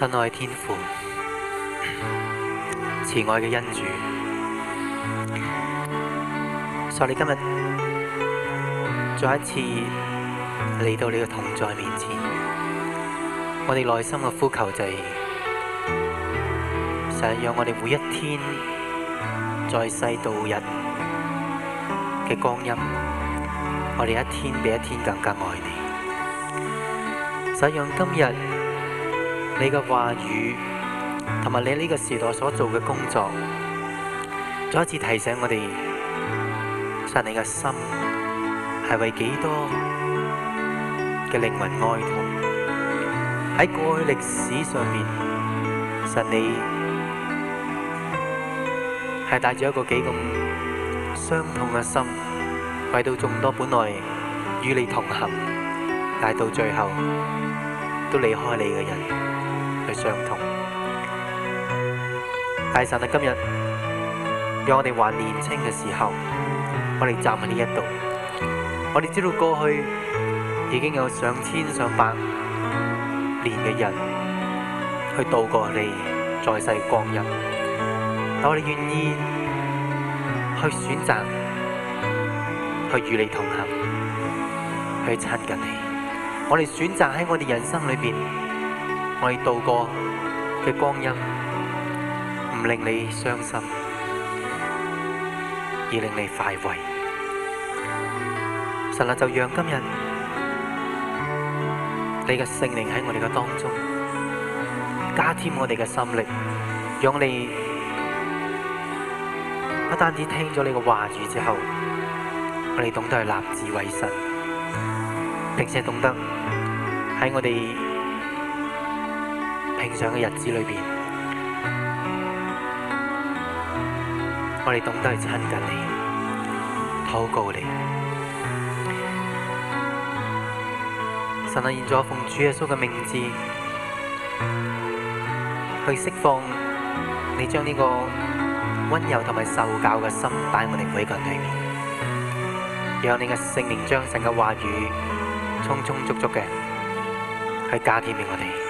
親愛的天父，慈愛嘅恩主，在你今日再一次嚟到你嘅同在面前，我哋內心嘅呼求就係、是，想係讓我哋每一天在世度日嘅光陰，我哋一天比一天更加愛你，想讓今日。你嘅話語同埋你喺呢個時代所做嘅工作，再一次提醒我哋：神，你嘅心係為幾多嘅靈魂哀痛？喺過去歷史上面，神你係帶住一個幾咁傷痛嘅心，為到眾多本來與你同行，但係到最後都離開你嘅人。相同，但係神啊，今日讓我哋還年輕嘅時候，我哋站喺呢一度，我哋知道過去已經有上千上百年嘅人去度過你在世光陰，但我哋願意去選擇去與你同行，去親近你。我哋選擇喺我哋人生裏邊。我哋度過嘅光陰，唔令你傷心，而令你快慰。神啊，就讓今日你嘅聖靈喺我哋嘅當中，加添我哋嘅心力，讓我哋不單止聽咗你嘅話語之後，我哋懂得立志為神，並且懂得喺我哋。想嘅日子裏邊，我哋懂得去親近你、禱告你。神啊，現在奉主耶穌嘅名字，去釋放你將呢個温柔同埋受教嘅心，帶我哋每一個人裏面。讓你嘅聖靈將神嘅話語，充充足足嘅去加添俾我哋。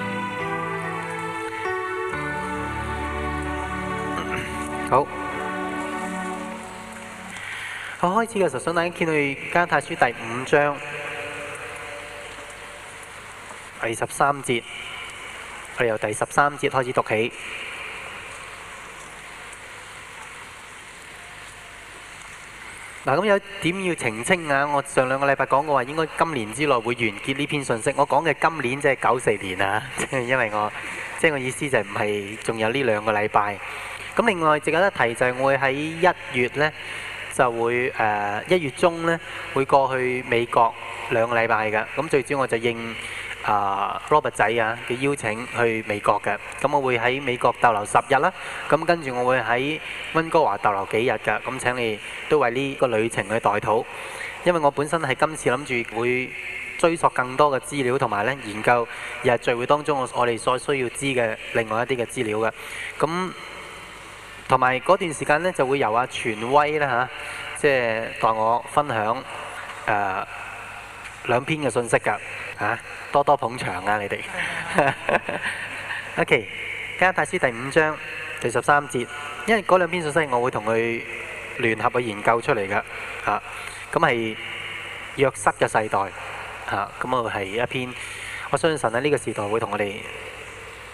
好，我開始嘅時候想大家見去加太書第五章，第十三節，我由第十三節開始讀起。嗱，咁有一點要澄清啊！我上兩個禮拜講過話，應該今年之內會完結呢篇信息。我講嘅係今年，即係九四年啊，因為我即係我意思就唔係仲有呢兩個禮拜。咁另外，值得一提就係我會喺一月咧就會誒，一、呃、月中咧會過去美國兩個禮拜嘅。咁最主要我就應啊、呃、Robert 仔啊嘅邀請去美國嘅。咁我會喺美國逗留十日啦。咁跟住我會喺溫哥華逗留幾日㗎。咁請你都為呢個旅程去代禱，因為我本身係今次諗住會追索更多嘅資料同埋咧研究日聚會當中我我哋所需要知嘅另外一啲嘅資料嘅。咁同埋嗰段時間咧，就會由阿全威啦。嚇、啊，即係代我分享誒、呃、兩篇嘅信息㗎嚇、啊，多多捧場啊你哋。 OK，加拉太書第五章第十三節，因為嗰兩篇信息，我會同佢聯合去研究出嚟㗎嚇。咁係約瑟嘅世代嚇，咁、啊、我係一篇，我相信神喺呢個時代會同我哋。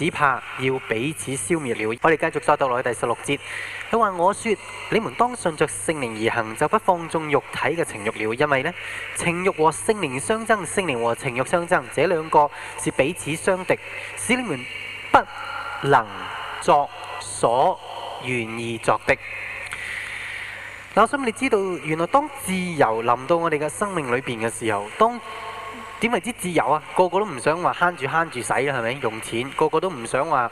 只怕要彼此消滅了。我哋繼續再讀落去第十六節。佢話：我説你們當順着聖靈而行，就不放縱肉體嘅情慾了。因為呢，情慾和聖靈相爭，聖靈和情慾相爭，這兩個是彼此相敵，使你們不能作所願意作的。嗱，我想你知道，原來當自由臨到我哋嘅生命裏邊嘅時候，當點為之自由啊？個個都唔想話慳住慳住使啊，係咪？用錢個個都唔想話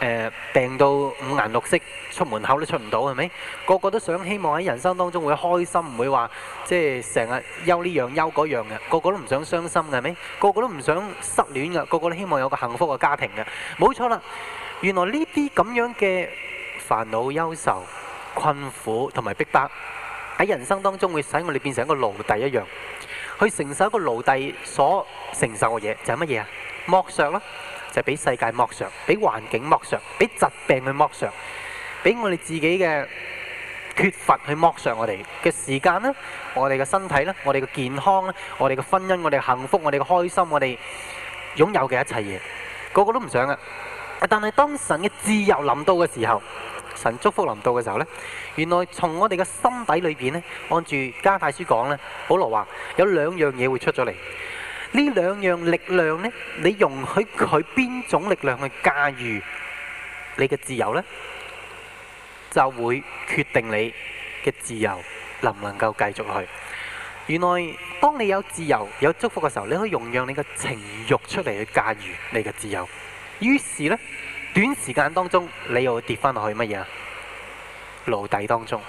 誒病到五顏六色，出門口都出唔到，係咪？個個都想希望喺人生當中會開心，唔會話即係成日憂呢樣憂嗰樣嘅。個個都唔想傷心嘅，係咪？個個都唔想失戀嘅，個個都希望有個幸福嘅家庭嘅。冇錯啦，原來呢啲咁樣嘅煩惱、憂愁、困苦同埋逼迫喺人生當中會使我哋變成一個奴隸一樣。去承受一個奴隸所承受嘅嘢，就係乜嘢啊？剝削啦，就係俾世界剝削，俾環境剝削，俾疾病去剝削，俾我哋自己嘅缺乏去剝削我哋嘅時間啦，我哋嘅身體啦，我哋嘅健康啦，我哋嘅婚姻，我哋嘅幸福，我哋嘅開心，我哋擁有嘅一切嘢，個個都唔想啊！但係當神嘅自由臨到嘅時候，神祝福臨到嘅時候咧，原來從我哋嘅心底裏邊咧，按住加太書講咧，保羅話有兩樣嘢會出咗嚟，呢兩樣力量咧，你容許佢邊種力量去駕馭你嘅自由咧，就會決定你嘅自由能唔能夠繼續落去。原來當你有自由有祝福嘅時候，你可以容讓你嘅情欲出嚟去駕馭你嘅自由。於是咧，短時間當中，你又跌翻落去乜嘢啊？奴隸當中，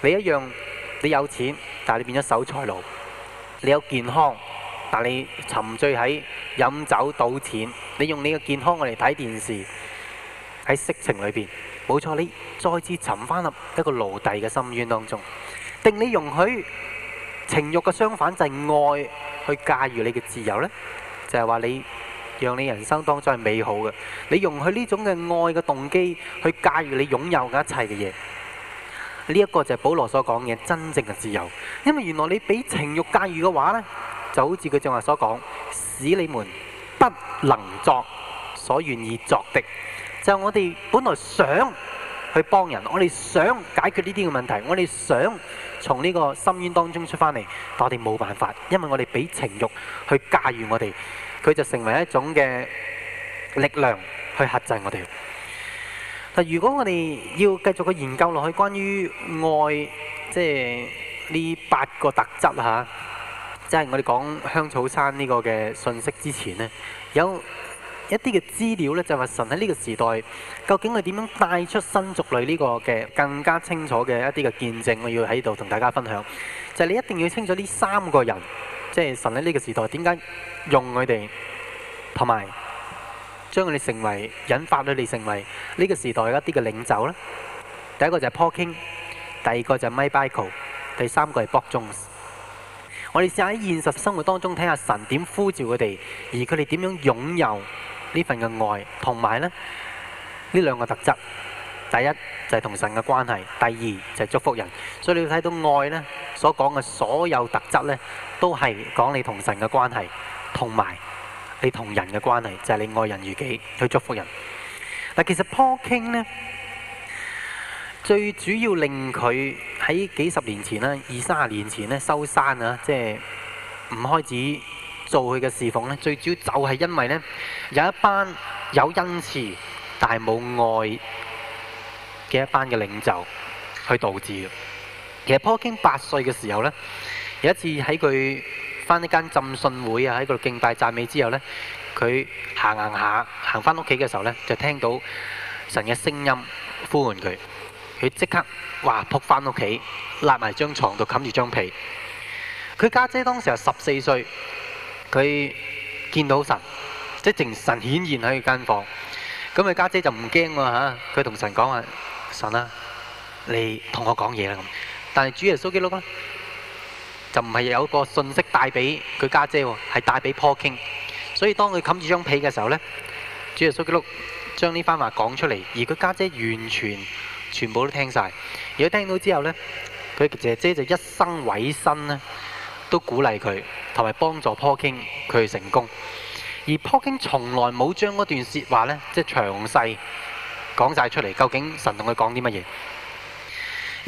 你一樣，你有錢，但你變咗守財奴；你有健康，但你沉醉喺飲酒賭錢；你用你嘅健康嚟睇電視，喺色情裏面。冇錯，你再次沉返入一個奴隸嘅深淵當中。定你容許情欲嘅相反就係愛去駕馭你嘅自由呢？就係話你。讓你人生當中係美好嘅，你用佢呢種嘅愛嘅動機去駕馭你擁有嘅一切嘅嘢，呢一個就係保羅所講嘅真正嘅自由。因為原來你俾情欲駕馭嘅話呢，就好似佢正話所講，使你們不能作所願意作的。就我哋本來想去幫人，我哋想解決呢啲嘅問題，我哋想從呢個深淵當中出返嚟，但我哋冇辦法，因為我哋俾情欲去駕馭我哋。佢就成為一種嘅力量去壓制我哋。但如果我哋要繼續去研究落去關於愛，即係呢八個特質嚇，即係我哋講香草山呢個嘅信息之前咧，有一啲嘅資料呢就話神喺呢個時代究竟係點樣帶出新族類呢個嘅更加清楚嘅一啲嘅見證，我要喺度同大家分享。就係你一定要清楚呢三個人，即係神喺呢個時代點解，用佢哋，同埋將佢哋成為引發佢哋成為呢個時代一啲嘅領袖咧。第一個就係 Paul Cain，第二個就係 Mike Bickle，第三個係 Bob Jones。我哋試下喺現實生活當中睇下神點呼召佢哋，而佢哋點樣擁有呢份嘅愛，同埋咧呢兩個特質。第一就係同神嘅關係，第二就係祝福人。所以你要睇到愛咧所講嘅所有特質咧，都係講你同神嘅關係。同埋你同人嘅關係，就係、是、你愛人如己去祝福人。嗱，其實 Paul King 呢，最主要令佢喺幾十年前啦，二三十年前咧收山啊，即係唔開始做佢嘅侍奉咧，最主要就係因為呢，有一班有恩慈但係冇愛嘅一班嘅領袖去導致嘅。其實 Paul King 八歲嘅時候呢，有一次喺佢翻呢間浸信會啊，喺度敬拜讚美之後呢，佢行行下，行翻屋企嘅時候呢就聽到神嘅聲音呼喚佢，佢即刻哇，撲翻屋企，立埋張床度冚住張被。佢家姐當時係十四歲，佢見到神，即係神顯現喺佢間房。咁佢家姐就唔驚喎。佢同神講話：神啊，你同我講嘢啦咁。但係主耶穌基督啊！就唔係有個信息帶俾佢家姐喎，係帶俾 Paul King。所以當佢冚住張被嘅時候呢，主耶穌基督將呢番話講出嚟，而佢家姐完全全部都聽晒。而果聽到之後呢，佢姐姐就一生委身呢，都鼓勵佢同埋幫助 Paul King 佢成功。而 Paul King 從來冇將嗰段説話呢，即係詳細講晒出嚟，究竟神同佢講啲乜嘢？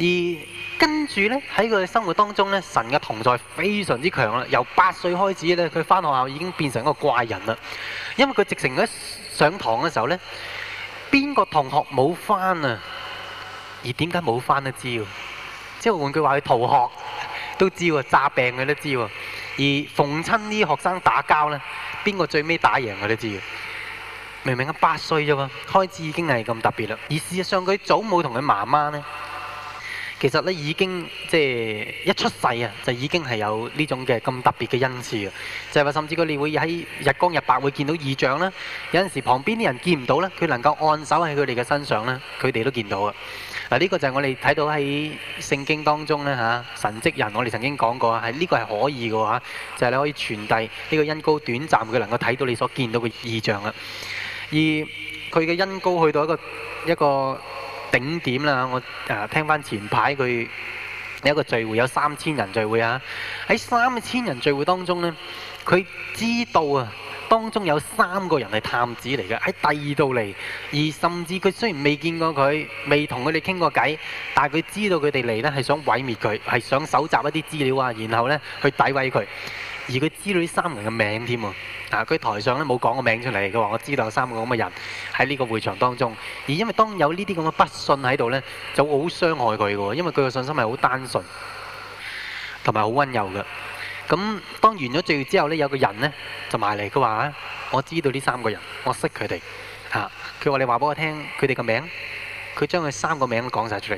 而跟住呢，喺佢嘅生活當中呢，神嘅同在非常之強啦。由八歲開始呢，佢返學校已經變成一個怪人啦。因為佢直情喺上堂嘅時候呢，邊個同學冇返啊？而點解冇返都知道？即係換句話，佢逃學都知喎，詐病佢都知喎。而逢親啲學生打交呢，邊個最尾打贏佢都知嘅。明明八歲咋喎，開始已經係咁特別啦。而事實上，佢祖母同佢媽媽呢。其實咧已經即係一出世啊，就已經係有呢種嘅咁特別嘅恩賜啊！就係話甚至佢哋會喺日光日白會見到異象啦。有陣時旁邊啲人見唔到咧，佢能夠按手喺佢哋嘅身上咧，佢哋都見到啊！嗱，呢個就係我哋睇到喺聖經當中咧嚇神蹟人，我哋曾經講過係呢個係可以嘅話，就係你可以傳遞呢個恩膏，短暫佢能夠睇到你所見到嘅異象啦。而佢嘅恩膏去到一個一個。頂點啦！我誒聽翻前排佢有一個聚會，有三千人聚會啊！喺三千人聚會當中呢，佢知道啊，當中有三個人係探子嚟嘅，喺第二度嚟，而甚至佢雖然未見過佢，未同佢哋傾過偈，但係佢知道佢哋嚟呢係想毀滅佢，係想搜集一啲資料啊，然後呢，去詆毀佢。而佢知道呢三人嘅名添喎，啊，佢台上咧冇講個名出嚟，佢話我知道有三個咁嘅人喺呢個會場當中，而因為當有呢啲咁嘅不信喺度呢，就會好傷害佢嘅喎，因為佢嘅信心係好單純，同埋好溫柔嘅。咁當完咗聚之後呢，有個人呢就埋嚟，佢話：我知道呢三個人，我識佢哋。啊，佢話你話俾我聽，佢哋嘅名，佢將佢三個名講晒出嚟。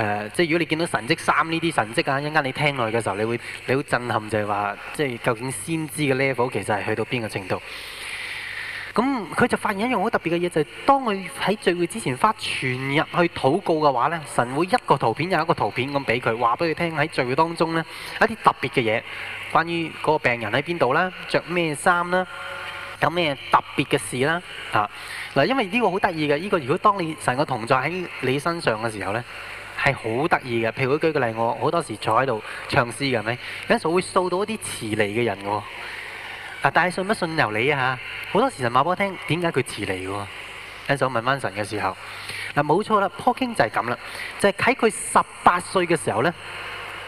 呃、即係如果你見到神蹟三呢啲神蹟啊，一陣間你聽落去嘅時候你，你會你好震撼，就係、是、話，即係究竟先知嘅 level 其實係去到邊個程度？咁佢就發現一樣好特別嘅嘢，就係、是、當佢喺聚會之前花全日去禱告嘅話呢，神會一個圖片又一個圖片咁俾佢話俾佢聽，喺聚會當中呢一啲特別嘅嘢，關於嗰個病人喺邊度啦，着咩衫啦，有咩特別嘅事啦嗱、啊，因為呢個好得意嘅，呢、這個如果當你神嘅同在喺你身上嘅時候呢。係好得意嘅，譬如，如我舉個例，我好多時坐喺度唱詩嘅咩，咁就會掃到一啲遲嚟嘅人喎。嗱，但係信不信由你啊嚇，好多時神話俾我聽點解佢遲嚟有喎，咁我問翻神嘅時候，嗱，冇錯啦，Poking 就係咁啦，就係喺佢十八歲嘅時候咧，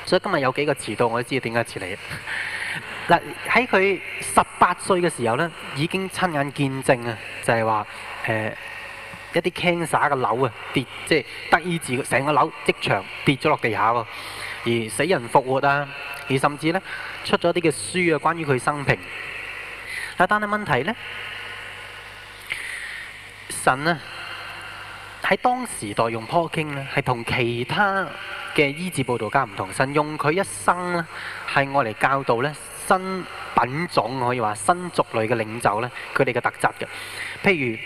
所以今日有幾個遲到，我都知道點解遲嚟。嗱，喺佢十八歲嘅時候咧，已經親眼見證啊，就係話誒。呃一啲 cancer 嘅瘤啊，跌即係得醫治，成個瘤即場跌咗落地下喎。而死人復活啊，而甚至咧出咗啲嘅書啊，關於佢生平。但係問題咧，神啊，喺當時代用 proking 咧，係同其他嘅醫治報導家唔同。神用佢一生咧，係愛嚟教導咧新品種可以話新族類嘅領袖咧，佢哋嘅特質嘅，譬如。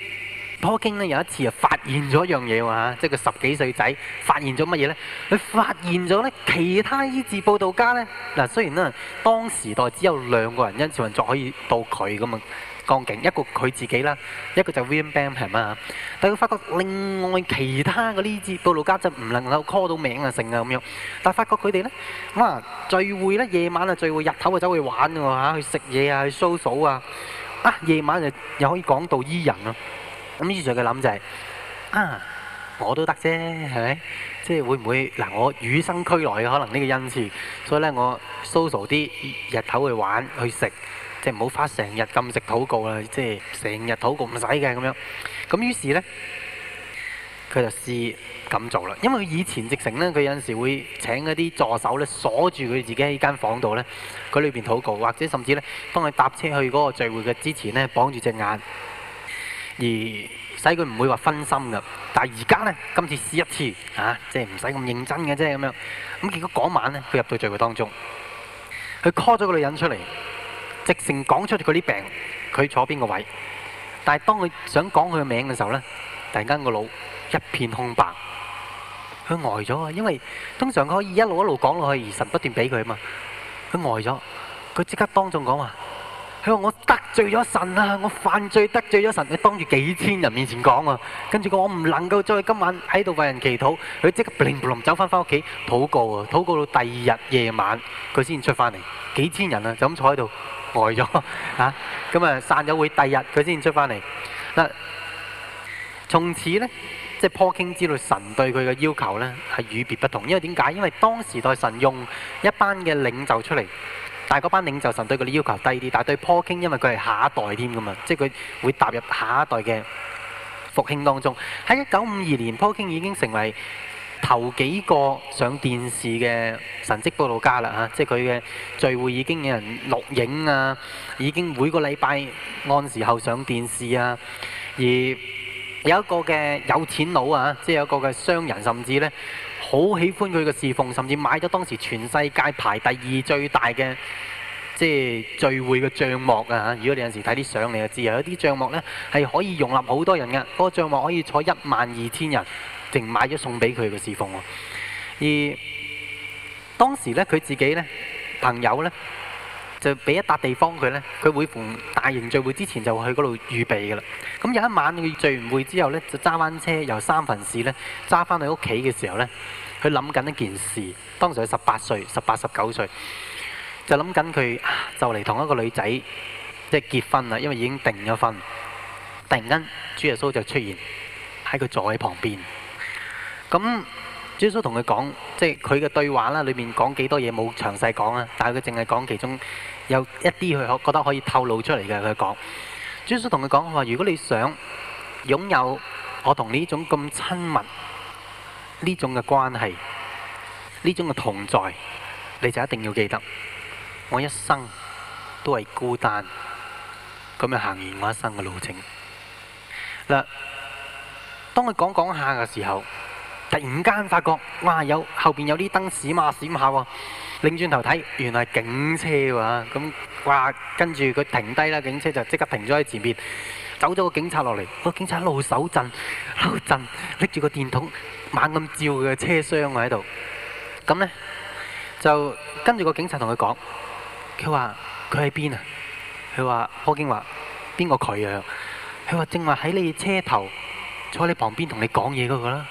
柯京咧有一次啊，發現咗一樣嘢喎，即係佢十幾歲仔發現咗乜嘢咧？佢發現咗咧，其他醫治佈道家咧，嗱雖然啦，當時代只有兩個人因此運作可以到佢咁嘅光景，一個佢自己啦，一個就 William Branham 係嘛嚇，但佢發覺另外其他嘅呢啲佈道家就唔能夠 call 到名啊，成啊咁樣，但係發覺佢哋咧，啊，聚會咧夜晚啊聚會，日頭就走去玩喎去食嘢，so, 啊，去 social 啊，啊夜晚又又可以講到醫人啊。咁於是佢諗就係，是，啊，我都得啫，係咪？即係會唔會嗱？我與生俱來嘅可能呢個恩賜，所以咧我 s o 啲日頭去玩去食，即係唔好花成日禁食禱告啦，即係成日禱告唔使嘅咁樣。咁於是咧，佢就試咁做啦。因為佢以前直情咧，佢有陣時會請嗰啲助手咧鎖住佢自己喺間房度咧，佢裏邊禱告，或者甚至咧當佢搭車去嗰個聚會嘅之前咧綁住隻眼。而使佢唔會話分心㗎，但係而家咧，今次試一次嚇，即係唔使咁認真嘅，啫，咁樣。咁結果嗰晚咧，佢入到聚會當中，佢 call 咗個女人出嚟，直情講出佢啲病，佢坐邊個位。但係當佢想講佢嘅名嘅時候咧，突然間個腦一片空白，佢呆咗啊！因為通常佢可以一路一路講落去，而神不斷俾佢啊嘛，佢呆咗，佢即刻當眾講話。佢話：我得罪咗神啊！我犯罪得罪咗神，你當住幾千人面前講啊！跟住佢話我唔能夠再今晚喺度為人祈禱。佢即刻卟隆卟隆走翻翻屋企禱告啊！禱告到第二日夜晚，佢先出翻嚟，幾千人啊，就咁坐喺度呆咗啊！咁啊散咗會，第二日佢先出翻嚟嗱。從此呢，即係坡卿知道神對佢嘅要求呢，係與別不同，因為點解？因為當時代神用一班嘅領袖出嚟。但係嗰班領袖，神對佢啲要求低啲，但係對 Paul King 因為佢係下一代添㗎嘛，即係佢會踏入下一代嘅復興當中。喺一九五二年，Paul King 已經成為頭幾個上電視嘅神跡佈道家啦嚇，即係佢嘅聚會已經有人錄影啊，已經每個禮拜按時候上電視啊，而有一個嘅有錢佬啊，即係有一個嘅商人，甚至咧，好喜歡佢嘅侍奉，甚至買咗當時全世界排第二最大嘅，即係聚會嘅帳幕啊！如果你有時睇啲相，你就知有一啲帳幕呢係可以容納好多人嘅，嗰個帳幕可以坐一萬二千人，淨買咗送俾佢嘅侍奉喎。而當時呢，佢自己呢，朋友呢。就俾一笪地方佢呢，佢會逢大型聚會之前就去嗰度預備㗎啦。咁有一晚佢聚完會之後呢，就揸翻車由三藩市呢揸翻去屋企嘅時候呢，佢諗緊一件事。當時佢十八歲，十八十九歲，就諗緊佢就嚟同一個女仔即係結婚啦，因為已經定咗婚。突然間，主耶穌就出現喺佢座位旁邊。咁，主耶穌同佢講，即係佢嘅對話啦，裏面講幾多嘢冇詳細講啊，但係佢淨係講其中。有一啲佢可覺得可以透露出嚟嘅，佢講：耶穌同佢講話，如果你想擁有我同呢種咁親密呢種嘅關係，呢種嘅同在，你就一定要記得，我一生都係孤單，咁樣行完我一生嘅路程。嗱，當佢講講下嘅時候，突然間發覺，哇！有後邊有啲燈閃下閃下喎。擰轉頭睇，原來係警車喎！咁哇，跟住佢停低啦，警車就即刻停咗喺前面，走咗個警察落嚟。個警察一路手震，手震，拎住個電筒猛咁照佢個車廂喎喺度。咁呢就跟住個警察同佢講，佢話佢喺邊啊？佢話柯景華，邊個佢啊？佢話正話喺你車頭，坐你旁邊同你講嘢嗰個啦。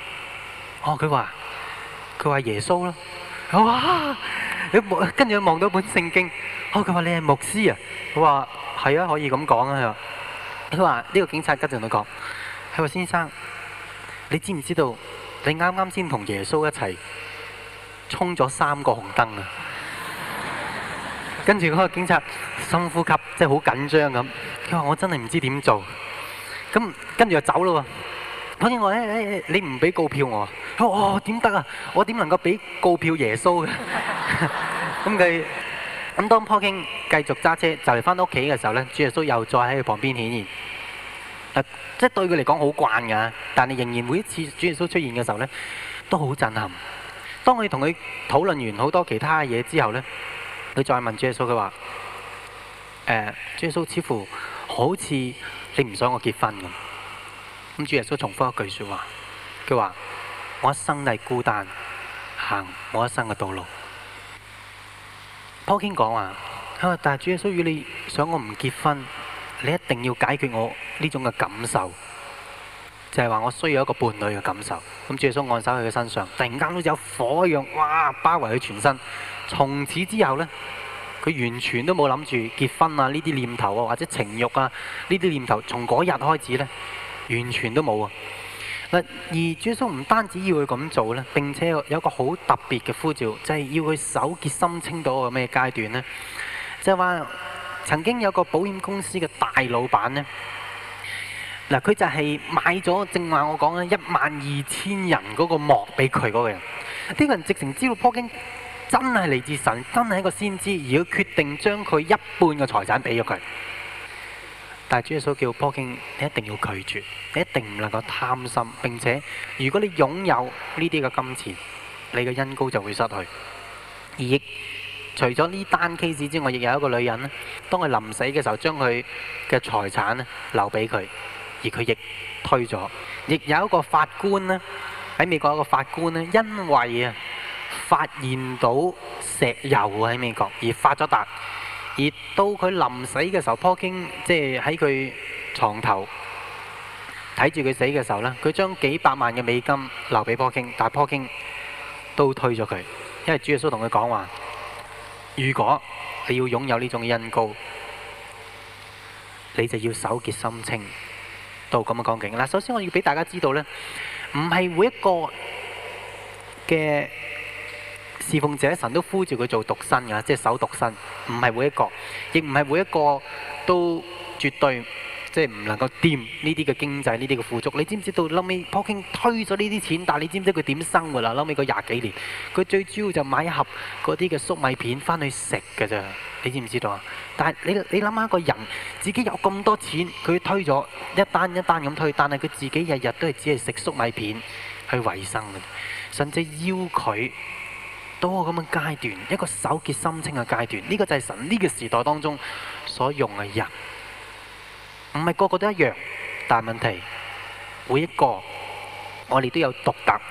哦，佢話佢話耶穌啦。哇！你望跟住望到本聖經，我佢話你係牧師啊，佢話係啊，可以咁講啊。佢話佢話呢個警察跟住同佢講，佢話先生，你知唔知道你啱啱先同耶穌一齊沖咗三個紅燈啊？跟住嗰個警察深呼吸，即係好緊張咁。佢話我真係唔知點做，咁跟住就走咯。所以我咧，hey, hey, hey, 你唔俾告票我，我點得啊？我點能夠俾告票耶穌嘅？咁佢咁當 Pauling 繼續揸車就嚟翻到屋企嘅時候咧，主耶穌又再喺佢旁邊顯現。即、呃、係、就是、對佢嚟講好慣㗎，但係仍然每一次主耶穌出現嘅時候咧，都好震撼。當佢同佢討論完好多其他嘢之後咧，佢再問主耶穌佢話：誒、呃，主耶穌似乎好似你唔想我結婚咁。咁主耶穌重複一句說話，佢話：我一生係孤單，行我一生嘅道路。波經講話啊，但係主耶穌，如果你想我唔結婚，你一定要解決我呢種嘅感受，就係、是、話我需要一個伴侶嘅感受。咁主耶穌按手喺佢身上，突然間好似有火一樣，哇，包圍佢全身。從此之後呢，佢完全都冇諗住結婚啊呢啲念頭啊，或者情欲啊呢啲念頭。從嗰日開始呢。完全都冇啊。而主耶穌唔單止要佢咁做呢，並且有一個好特別嘅呼召，就係、是、要佢首潔手潔心清到個咩階段呢。就話、是、曾經有一個保險公司嘅大老闆呢，嗱，佢就係買咗正話我講咧一萬二千人嗰個膜俾佢嗰個人。呢、這個人直情知道普京真係嚟自神，真係一個先知，而佢決定將佢一半嘅財產俾咗佢。但係主耶穌叫波經，你一定要拒絕，你一定唔能夠貪心。並且，如果你擁有呢啲嘅金錢，你嘅恩膏就會失去。而亦除咗呢單 case 之外，亦有一個女人咧，當佢臨死嘅時候，將佢嘅財產咧留俾佢，而佢亦推咗。亦有一個法官咧，喺美國有一個法官咧，因為啊發現到石油喺美國而發咗達。而到佢臨死嘅時候，坡京即係喺佢牀頭睇住佢死嘅時候咧，佢將幾百萬嘅美金留俾坡京，但係坡京都推咗佢，因為主耶穌同佢講話：如果你要擁有呢種恩膏，你就要守潔心清到咁嘅光景。嗱，首先我要俾大家知道咧，唔係每一個嘅。侍奉者，神都呼召佢做獨身噶，即係守獨身，唔係每一個，亦唔係每一個都絕對，即係唔能夠掂呢啲嘅經濟，呢啲嘅富足。你知唔知道？到後尾 Paul King 推咗呢啲錢，但係你知唔知佢點生活啦？後尾嗰廿幾年，佢最主要就買一盒嗰啲嘅粟米片翻去食嘅啫。你知唔知道啊？但係你你諗下，個人自己有咁多錢，佢推咗一單一單咁推，但係佢自己日日都係只係食粟米片去維生嘅，甚至要佢。到我咁樣階段，一個守潔心清嘅階段，呢個就係神呢個時代當中所用嘅人，唔係個個都一樣，但係問題每一個我哋都有獨特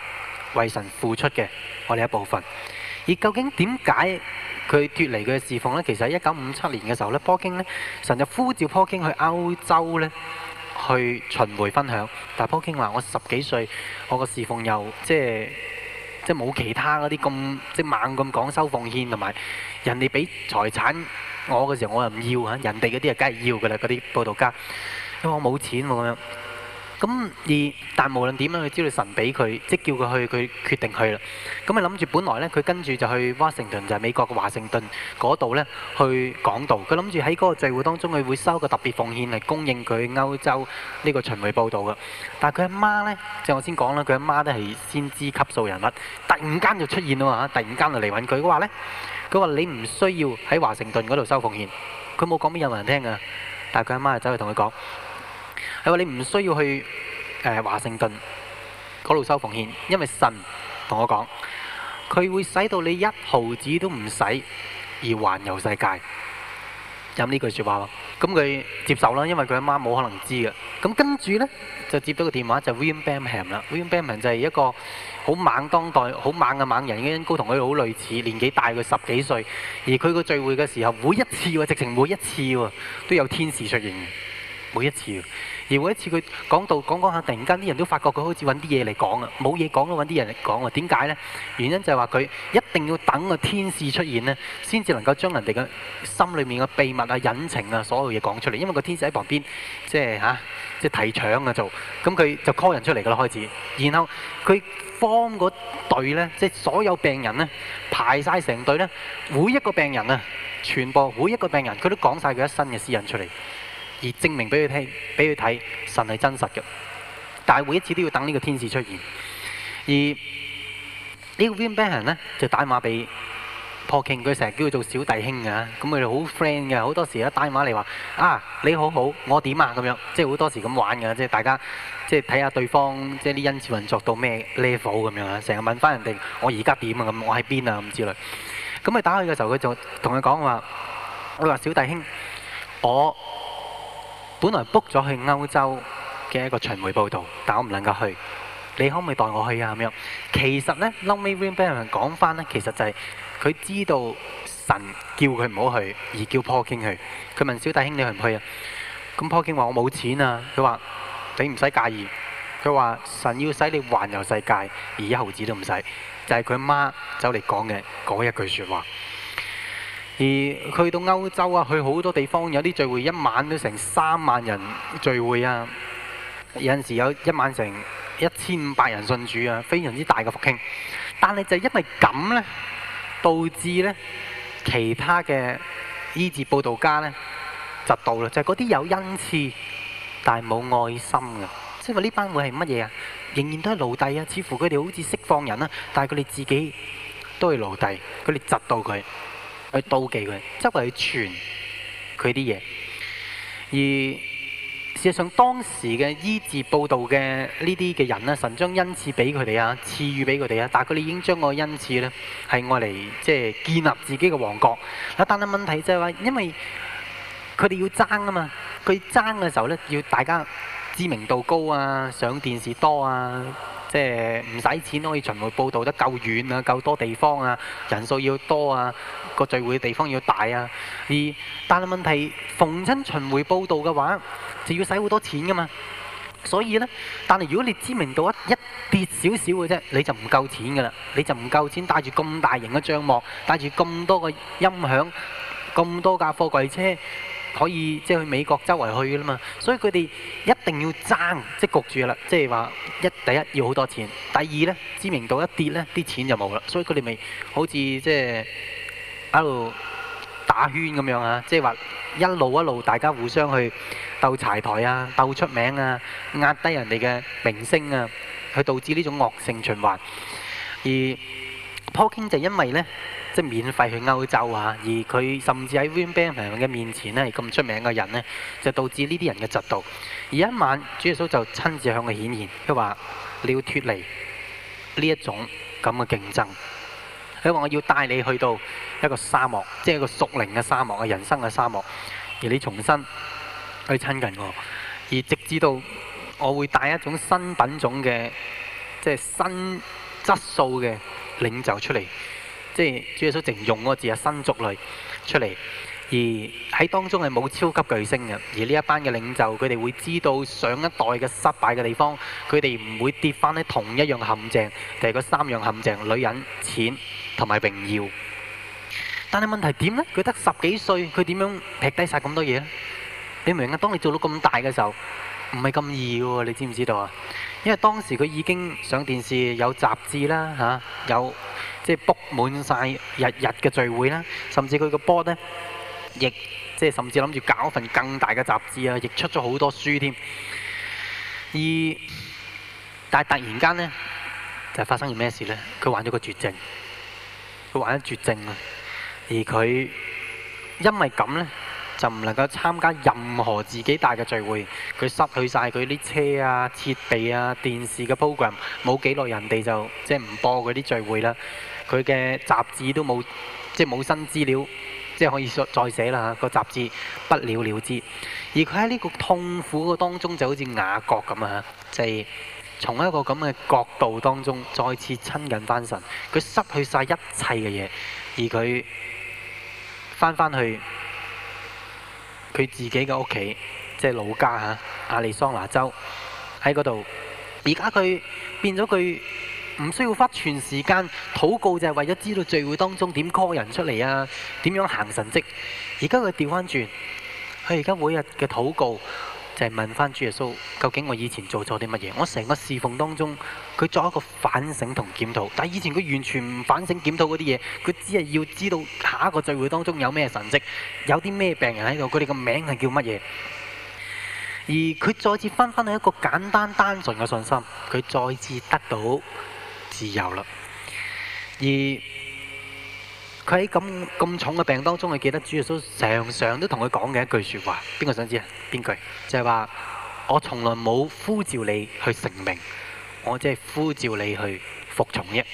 為神付出嘅我哋一部分。而究竟點解佢脫離佢嘅侍奉呢？其實喺一九五七年嘅時候呢，波京呢，神就呼召波京去歐洲呢去巡迴分享，但係波京話我十幾歲，我個侍奉又即係。即係冇其他嗰啲咁，即係猛咁講收奉獻同埋人哋俾財產我嘅時候，我又唔要嚇，人哋嗰啲啊，梗係要噶啦，嗰啲報道家，因為我冇錢咁樣。咁而但無論點樣，佢知道神俾佢，即叫佢去，佢決定去啦。咁啊諗住，本來咧，佢跟住就去華盛頓，就係美國嘅華盛頓嗰度咧，去講道。佢諗住喺嗰個聚會當中，佢會收個特別奉獻嚟供應佢歐洲呢個巡迴報道嘅。但係佢阿媽咧，就我先講啦，佢阿媽都係先知級數人物，突然間就出現啊嘛，突然間就嚟揾佢。佢話咧，佢話你唔需要喺華盛頓嗰度收奉獻。佢冇講俾任何人聽啊。但係佢阿媽就走去同佢講。係喎，是你唔需要去誒、呃、華盛頓嗰度收奉獻，因為神同我講，佢會使到你一毫子都唔使而環遊世界。有呢句説話，咁佢接受啦，因為佢阿媽冇可能知嘅。咁跟住呢，就接到個電話，就是、William Branham, 了 William Branham 啦。William Branham 就係一個好猛當代、好猛嘅猛人，已應該同佢好類似，年紀大佢十幾歲。而佢個聚會嘅時候，每一次喎，直情每一次喎都有天使出現，每一次。而每一次佢講到講講下，突然間啲人都發覺佢好似揾啲嘢嚟講啊！冇嘢講都揾啲人嚟講啊！點解呢？原因就係話佢一定要等個天使出現呢，先至能夠將人哋嘅心裡面嘅秘密啊、隱情啊，所有嘢講出嚟。因為個天使喺旁邊，即係嚇，即、啊、係、就是、提搶啊就咁佢就 call 人出嚟噶啦開始。然後佢幫個隊咧，即、就、係、是、所有病人呢，排晒成隊呢，每一個病人啊，全部每一個病人，佢都講晒佢一身嘅私隱出嚟。而證明俾佢聽，俾佢睇神係真實嘅。但係每一次都要等呢個天使出現。而、這個、呢個 Vimben 人咧就打電話俾 Paulking，佢成日叫佢做小弟兄嘅，咁佢哋好 friend 嘅，好多時咧打電話嚟話：啊，你好好，我點啊？咁樣即係好多時咁玩嘅，即係大家即係睇下對方即係啲恩賜運作到咩 level 咁樣啊！成日問翻人哋：我而家點啊？咁我喺邊啊？咁之類。咁佢打佢嘅時候，佢就同佢講話我話小弟兄，我。本來 book 咗去歐洲嘅一個巡迴報導，但我唔能夠去，你可唔可以帶我去啊？咁樣，其實呢 Long Me Win 俾人講翻呢，其實就係佢知道神叫佢唔好去，而叫 Paul King 去。佢問小弟兄，你去唔去啊？咁 Paul King 話我冇錢啊。佢話你唔使介意。佢話神要使你環遊世界而一毫子都唔使，就係、是、佢媽走嚟講嘅嗰一句說話。而去到歐洲啊，去好多地方，有啲聚會一晚都成三萬人聚會啊。有陣時有一晚成一千五百人信主啊，非常之大嘅復興。但係就因為咁呢，導致呢其他嘅醫治佈道家呢，窒到啦，就係嗰啲有恩賜但係冇愛心嘅，即係話呢班會係乜嘢啊？仍然都係奴隸啊，似乎佢哋好似釋放人啊，但係佢哋自己都係奴隸，佢哋窒到佢。去妒忌佢，周圍去傳佢啲嘢。而事實上當時嘅醫治報道嘅呢啲嘅人呢，神將恩賜俾佢哋啊，賜予俾佢哋啊，但係佢哋已經將個恩賜呢，係用嚟即係建立自己嘅王國。但係問題就係話，因為佢哋要爭啊嘛，佢爭嘅時候呢，要大家知名度高啊，上電視多啊。即係唔使錢可以巡迴報道得夠遠啊，夠多地方啊，人數要多啊，個聚會嘅地方要大啊。而但係問題，逢親巡迴報道嘅話，就要使好多錢噶嘛。所以呢，但係如果你知名度一，一跌少少嘅啫，你就唔夠錢噶啦，你就唔夠錢帶住咁大型嘅帳幕，帶住咁多個音響，咁多架貨櫃車。可以即係、就是、去美國周圍去㗎嘛，所以佢哋一定要爭，即焗住啦。即係話一第一要好多錢，第二呢知名度一跌呢啲錢就冇啦。所以佢哋咪好似即係一路打圈咁樣啊，即係話一路一路大家互相去鬥柴台啊、鬥出名啊、壓低人哋嘅明星啊，去導致呢種惡性循環。而 Poking 就因為呢。即係免費去歐洲啊！而佢甚至喺 William 嘅面前咧，咁出名嘅人咧，就導致呢啲人嘅嫉妒。而一晚，主耶穌就親自向佢顯現，佢係話你要脫離呢一種咁嘅競爭。佢話：我要帶你去到一個沙漠，即係一個屬靈嘅沙漠啊，人生嘅沙漠。而你重新去親近我，而直至到我會帶一種新品種嘅，即係新質素嘅領袖出嚟。即係主耶穌淨用個字啊，新族類出嚟，而喺當中係冇超級巨星嘅，而呢一班嘅領袖佢哋會知道上一代嘅失敗嘅地方，佢哋唔會跌翻喺同一樣陷阱，就係、是、嗰三樣陷阱：女人、錢同埋榮耀。但係問題點呢？佢得十幾歲，佢點樣劈低晒咁多嘢咧？你明唔明啊？當你做到咁大嘅時候，唔係咁易喎，你知唔知道啊？因為當時佢已經上電視、有雜誌啦嚇，有。即係 book 滿曬日日嘅聚會啦，甚至佢個 board 咧，亦即係甚至諗住搞份更大嘅雜誌啊，亦出咗好多書添。而但係突然間咧，就發生咗咩事咧？佢患咗個絕症，佢患咗絕症啊！而佢因為咁咧，就唔能夠參加任何自己大嘅聚會，佢失去曬佢啲車啊、設備啊、電視嘅 program，冇幾耐人哋就即係唔播嗰啲聚會啦。佢嘅雜誌都冇，即係冇新資料，即係可以再寫啦嚇。個雜誌不了了之。而佢喺呢個痛苦嘅當中就好像，就好似雅各咁啊，就係從一個咁嘅角度當中，再次親近翻神。佢失去晒一切嘅嘢，而佢翻翻去佢自己嘅屋企，即係老家嚇，亞利桑拿州在那州喺嗰度。而家佢變咗佢。唔需要花全時間禱告，就係為咗知道聚會當中點 call 人出嚟啊，點樣行神蹟。而家佢調翻轉，佢而家每日嘅禱告就係問翻主耶穌：究竟我以前做咗啲乜嘢？我成個侍奉當中，佢作一個反省同檢討。但係以前佢完全唔反省檢討嗰啲嘢，佢只係要知道下一個聚會當中有咩神蹟，有啲咩病人喺度，佢哋個名係叫乜嘢。而佢再次翻返去一個簡單單純嘅信心，佢再次得到。自由啦，而佢喺咁咁重嘅病當中，佢記得主耶穌常常都同佢講嘅一句說話，邊個想知啊？邊句就係話，我從來冇呼召你去成名，我只係呼召你去服從啫。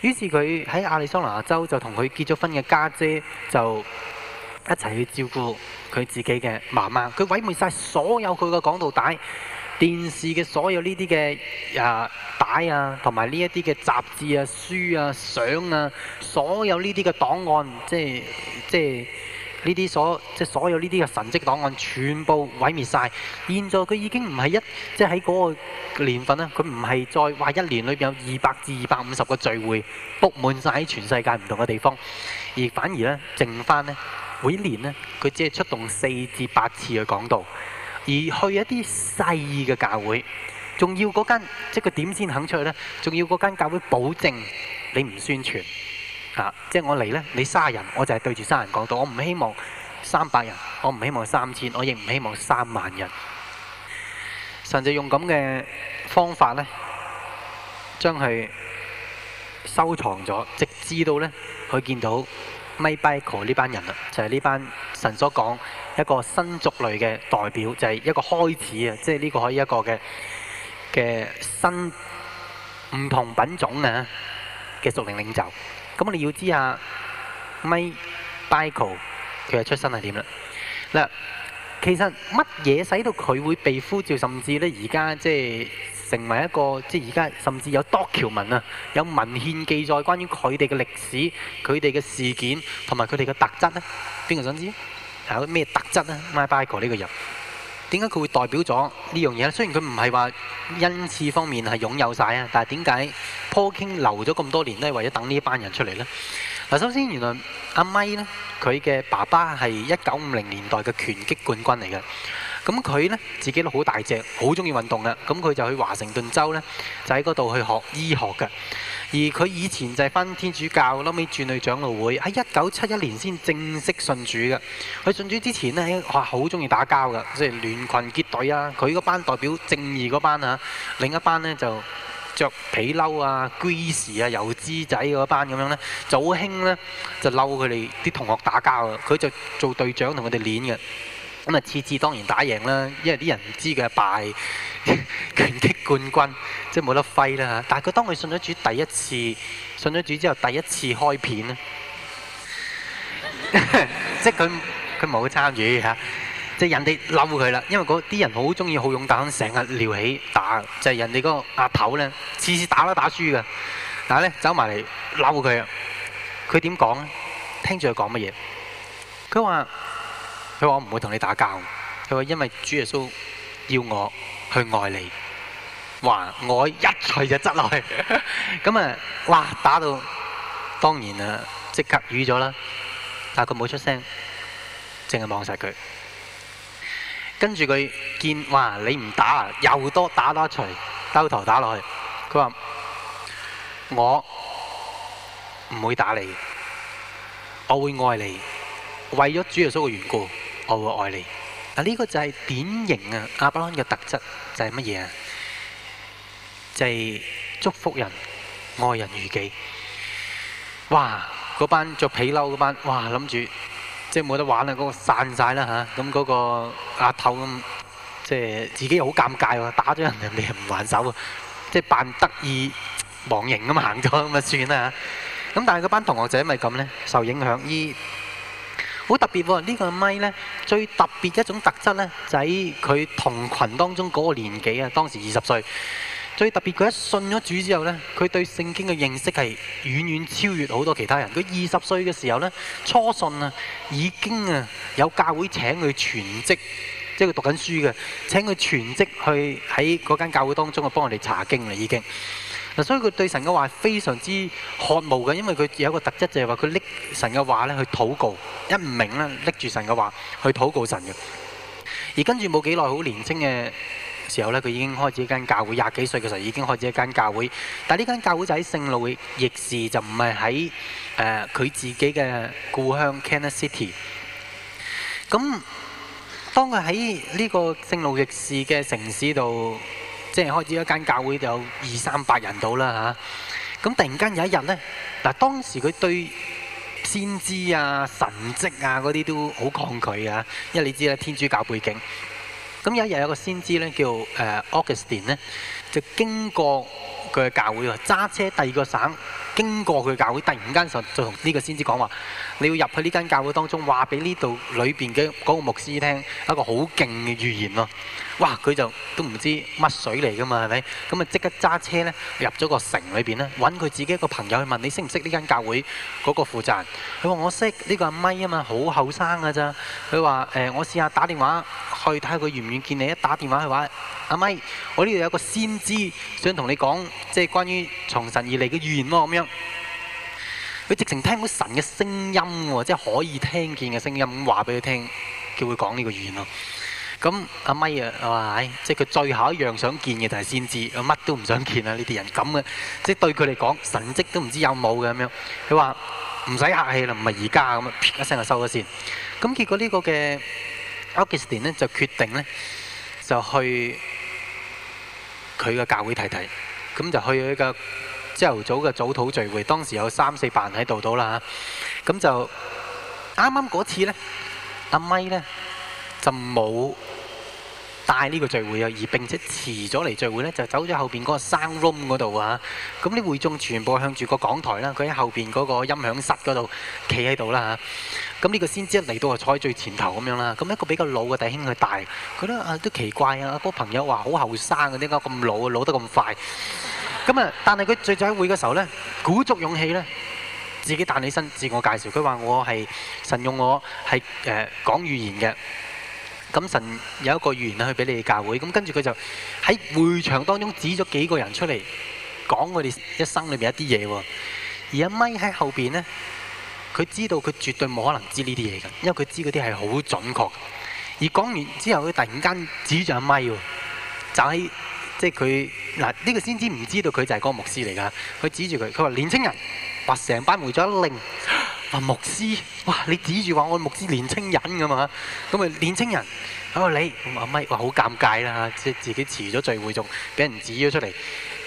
於是佢喺亞利桑那州就同佢結咗婚嘅家姐就一齊去照顧佢自己嘅媽媽，佢毀滅晒所有佢嘅講道帶。.電視嘅所有呢啲嘅啊帶啊，同埋呢一啲嘅雜誌啊、書啊、相啊，所有呢啲嘅檔案，即係即係呢啲所即係所有呢啲嘅神蹟檔案，全部毀滅晒。現在佢已經唔係一即係喺嗰個年份啦，佢唔係再話一年裏邊有二百至二百五十個聚會，book 滿晒喺全世界唔同嘅地方，而反而呢，剩翻呢，每年呢，佢只係出動四至八次去講道。而去一啲細嘅教會，仲要嗰間，即係佢點先肯出去呢？仲要嗰間教會保證你唔宣傳，啊！即係我嚟呢，你三人，我就係對住三人講道：「我唔希望三百人，我唔希望三千，我亦唔希望三萬人。神就用咁嘅方法呢，將佢收藏咗，直至到呢，佢見到 Micah 呢班人啦，就係、是、呢班神所講。一個新族類嘅代表就係、是、一個開始啊！即係呢個可以一個嘅嘅新唔同品種嘅嘅族領領袖。咁你要知啊，Mi Biko 佢嘅出身係點啦？嗱，其實乜嘢使到佢會被呼召，甚至呢而家即係成為一個即係而家甚至有多條文啊，有文獻記載關於佢哋嘅歷史、佢哋嘅事件同埋佢哋嘅特質呢？邊個想知？啊！咩特質呢？Mike Bago 呢個人點解佢會代表咗呢樣嘢咧？雖然佢唔係話恩賜方面係擁有晒，啊，但係點解 Paul King 留咗咁多年咧？為咗等呢一班人出嚟呢？嗱，首先原來阿 Mike 呢，佢嘅爸爸係一九五零年代嘅拳擊冠軍嚟嘅，咁佢呢，自己都好大隻，好中意運動嘅，咁佢就去華盛頓州呢，就喺嗰度去學醫學嘅。而佢以前就係翻天主教，後尾轉去長老會，喺一九七一年先正式信主嘅。佢信主之前呢，我好中意打交嘅，即係聯群結隊啊。佢嗰班代表正義嗰班啊，另一班呢就着皮褸啊、grease 啊、油脂仔嗰班咁樣呢。早興呢就嬲佢哋啲同學打交啊，佢就做隊長同佢哋練嘅。咁啊，次次當然打贏啦，因為啲人唔知佢係敗拳擊冠軍即係冇得揮啦。但係佢當佢信咗主，第一次信咗主之後，第一次開片咧， 即係佢佢冇參與嚇，即係人哋嬲佢啦。因為嗰啲人好中意好勇鬥狠，成日撩起打，就係人哋嗰個阿頭呢，次次打都打輸㗎。但係呢，走埋嚟嬲佢啊！佢點講咧？聽住佢講乜嘢？佢話。佢話我唔會同你打交，佢話因為主耶穌要我去愛你，哇！我一錘就執落去，咁啊，哇！打到當然啦，即刻瘀咗啦，但係佢冇出聲，淨係望晒佢。跟住佢見哇，你唔打啊？又多打多一錘，兜頭打落去。佢話我唔會打你的，我會愛你。為咗主耶穌嘅緣故，我會愛你。嗱，呢個就係典型啊！亞伯拉罕嘅特質就係乜嘢啊？就係祝福人，愛人如己。哇！嗰班著皮褸嗰班，哇！諗住即係冇得玩啦，嗰個散曬啦嚇。咁嗰個阿頭咁，即係自己又好尷尬喎，打咗人哋又唔還手喎，即係扮得意忘形咁行咗咁啊算啦嚇。咁但係嗰班同學仔咪咁咧，受影響依。好特別喎！呢個咪呢，最特別嘅一種特質呢，就喺佢同群當中嗰個年紀啊。當時二十歲，最特別，佢一信咗主之後呢，佢對聖經嘅認識係遠遠超越好多其他人。佢二十歲嘅時候呢，初信啊，已經啊有教會請佢全職，即係佢讀緊書嘅，請佢全職去喺嗰間教會當中啊幫我哋查經啦，已經。所以佢對神嘅話非常之渴慕嘅，因為佢有一個特質就係話佢拎神嘅話咧去禱告，一唔明咧，拎住神嘅話去禱告神嘅。而跟住冇幾耐，好年輕嘅時候咧，佢已經開始一間教會，廿幾歲嘅時候已經開始一間教會。但係呢間教會就喺聖路易市，就唔係喺誒佢自己嘅故鄉 Kansas City。咁當佢喺呢個聖路易市嘅城市度。即係開始一間教會就有二三百人到啦嚇，咁突然間有一日呢，嗱當時佢對先知啊神跡啊嗰啲都好抗拒嘅，因為你知咧天主教背景。咁有一日有一個先知呢，叫誒 Augustine 咧，就經過佢嘅教會，揸車第二個省。經過佢教會，突然間就就同呢個先知講話，你要入去呢間教會當中，話俾呢度裏邊嘅嗰個牧師聽，一個好勁嘅預言喎。哇！佢就都唔知乜水嚟噶嘛，係咪？咁啊即刻揸車咧入咗個城裏邊咧，揾佢自己一個朋友去問，你識唔識呢間教會嗰個負責人？佢話我識呢個阿咪啊嘛，好後生㗎咋。佢話誒，我試下、這個呃、打電話去睇下佢願唔願見你。一打電話去話，阿咪，我呢度有個先知想同你講，即係關於從神而嚟嘅預言喎，咁樣。佢直情聽到神嘅聲音喎，即係可以聽見嘅聲音，話俾佢聽，叫佢講呢個語言咯。咁阿咪啊，即係佢最後一樣想見嘅就係先知，乜都唔想見啦呢啲人咁嘅，即係對佢嚟講神蹟都唔知有冇嘅咁樣。佢話唔使客氣啦，唔係而家咁樣，一聲就收咗線。咁結果呢個嘅 Augustine 咧就決定咧就去佢嘅教會睇睇，咁就去一個。朝頭早嘅早禱聚會，當時有三四百人喺度到啦嚇，咁就啱啱嗰次咧，阿咪咧就冇帶呢個聚會啊，而並且遲咗嚟聚會咧，就走咗後邊嗰個生 room 嗰度啊，咁啲會眾全部向住個講台啦，佢喺後邊嗰個音響室嗰度企喺度啦嚇，咁呢個先知一嚟到啊，坐喺最前頭咁樣啦，咁一個比較老嘅弟兄去帶，佢咧啊都奇怪啊，個朋友話好後生啊點解咁老，老得咁快？咁啊！但係佢最早喺會嘅時候咧，鼓足勇氣咧，自己彈起身自我介紹。佢話：我係神用我係誒講預言嘅，咁神有一個預言去俾你哋教會。咁跟住佢就喺會場當中指咗幾個人出嚟講我哋一生裏邊一啲嘢喎。而阿咪喺後邊咧，佢知道佢絕對冇可能知呢啲嘢嘅，因為佢知嗰啲係好準確。而講完之後，佢突然間指住阿咪喎，就喺、是、～即係佢嗱呢個先知唔知道佢就係嗰個牧師嚟㗎，佢指住佢，佢話年青人，話成班回咗一令，話、啊、牧師，哇！你指住話我牧師年青人咁嘛。那麼」咁啊年青人，喺度你，阿咪、嗯，哇！好尷尬啦，即係自己遲咗聚會仲俾人指咗出嚟，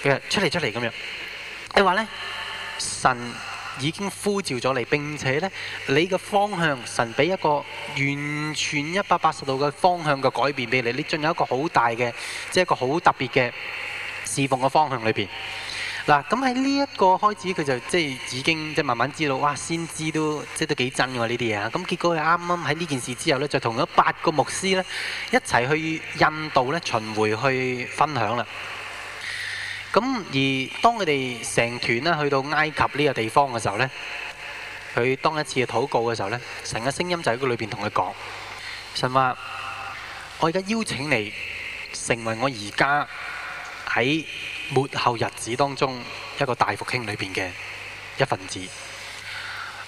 佢話出嚟出嚟咁樣，你話咧神。已經呼召咗你，並且呢，你嘅方向神俾一個完全一百八十度嘅方向嘅改變俾你，你進入一個好大嘅，即係一個好特別嘅侍奉嘅方向裏邊。嗱、啊，咁喺呢一個開始，佢就即係已經即係慢慢知道，哇！先知都即係都幾真喎呢啲嘢啊！咁結果佢啱啱喺呢件事之後呢，就同咗八個牧師呢，一齊去印度呢，巡迴去分享啦。咁而當佢哋成團咧去到埃及呢個地方嘅時候咧，佢當一次嘅禱告嘅時候咧，成個聲音就喺個裏邊同佢講：神話，我而家邀請你成為我而家喺末後日子當中一個大復興裏邊嘅一份子。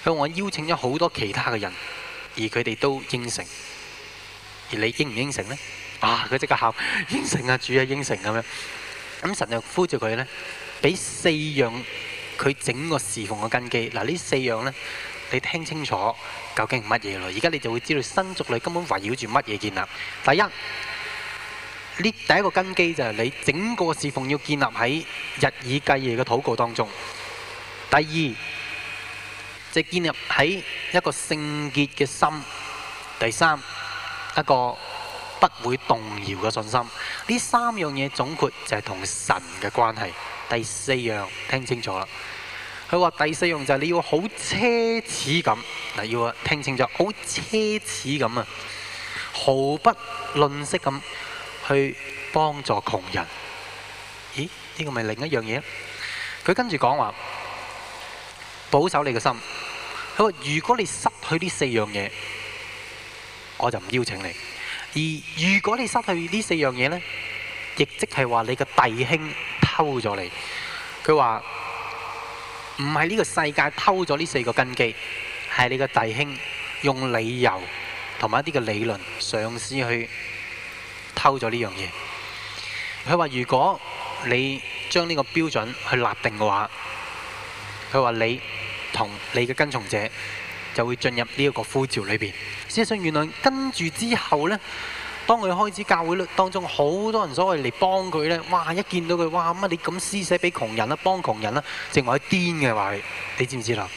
佢話，我邀請咗好多其他嘅人，而佢哋都應承。而你應唔應承咧？啊！佢即刻喊應承啊！主啊！應承咁樣。咁神就呼住佢呢，俾四樣佢整個侍奉嘅根基。嗱，呢四樣呢，你聽清楚究竟係乜嘢咯？而家你就會知道新族類根本圍繞住乜嘢建立。第一，呢第一個根基就係你整個侍奉要建立喺日以繼夜嘅禱告當中。第二，就建立喺一個聖潔嘅心。第三，一個不會動搖嘅信心，呢三樣嘢，總括就係同神嘅關係。第四樣聽清楚啦，佢話第四樣就係你要好奢侈咁。嗱，要聽清楚，好奢侈咁啊，毫不吝嗇咁去幫助窮人。咦？呢個咪另一樣嘢？佢跟住講話，保守你嘅心。佢話如果你失去呢四樣嘢，我就唔邀請你。而如果你失去呢四樣嘢呢，亦即係話你嘅弟兄偷咗你。佢話唔係呢個世界偷咗呢四個根基，係你嘅弟兄用理由同埋一啲嘅理論嘗試去偷咗呢樣嘢。佢話如果你將呢個標準去立定嘅話，佢話你同你嘅跟從者。就會進入呢一個呼召裏邊。事實上，原來跟住之後咧，當佢開始教會當中，好多人所謂嚟幫佢咧，哇！一見到佢，哇！乜你咁施捨俾窮人啦，幫窮人啦，淨係癲嘅話，你知唔知道？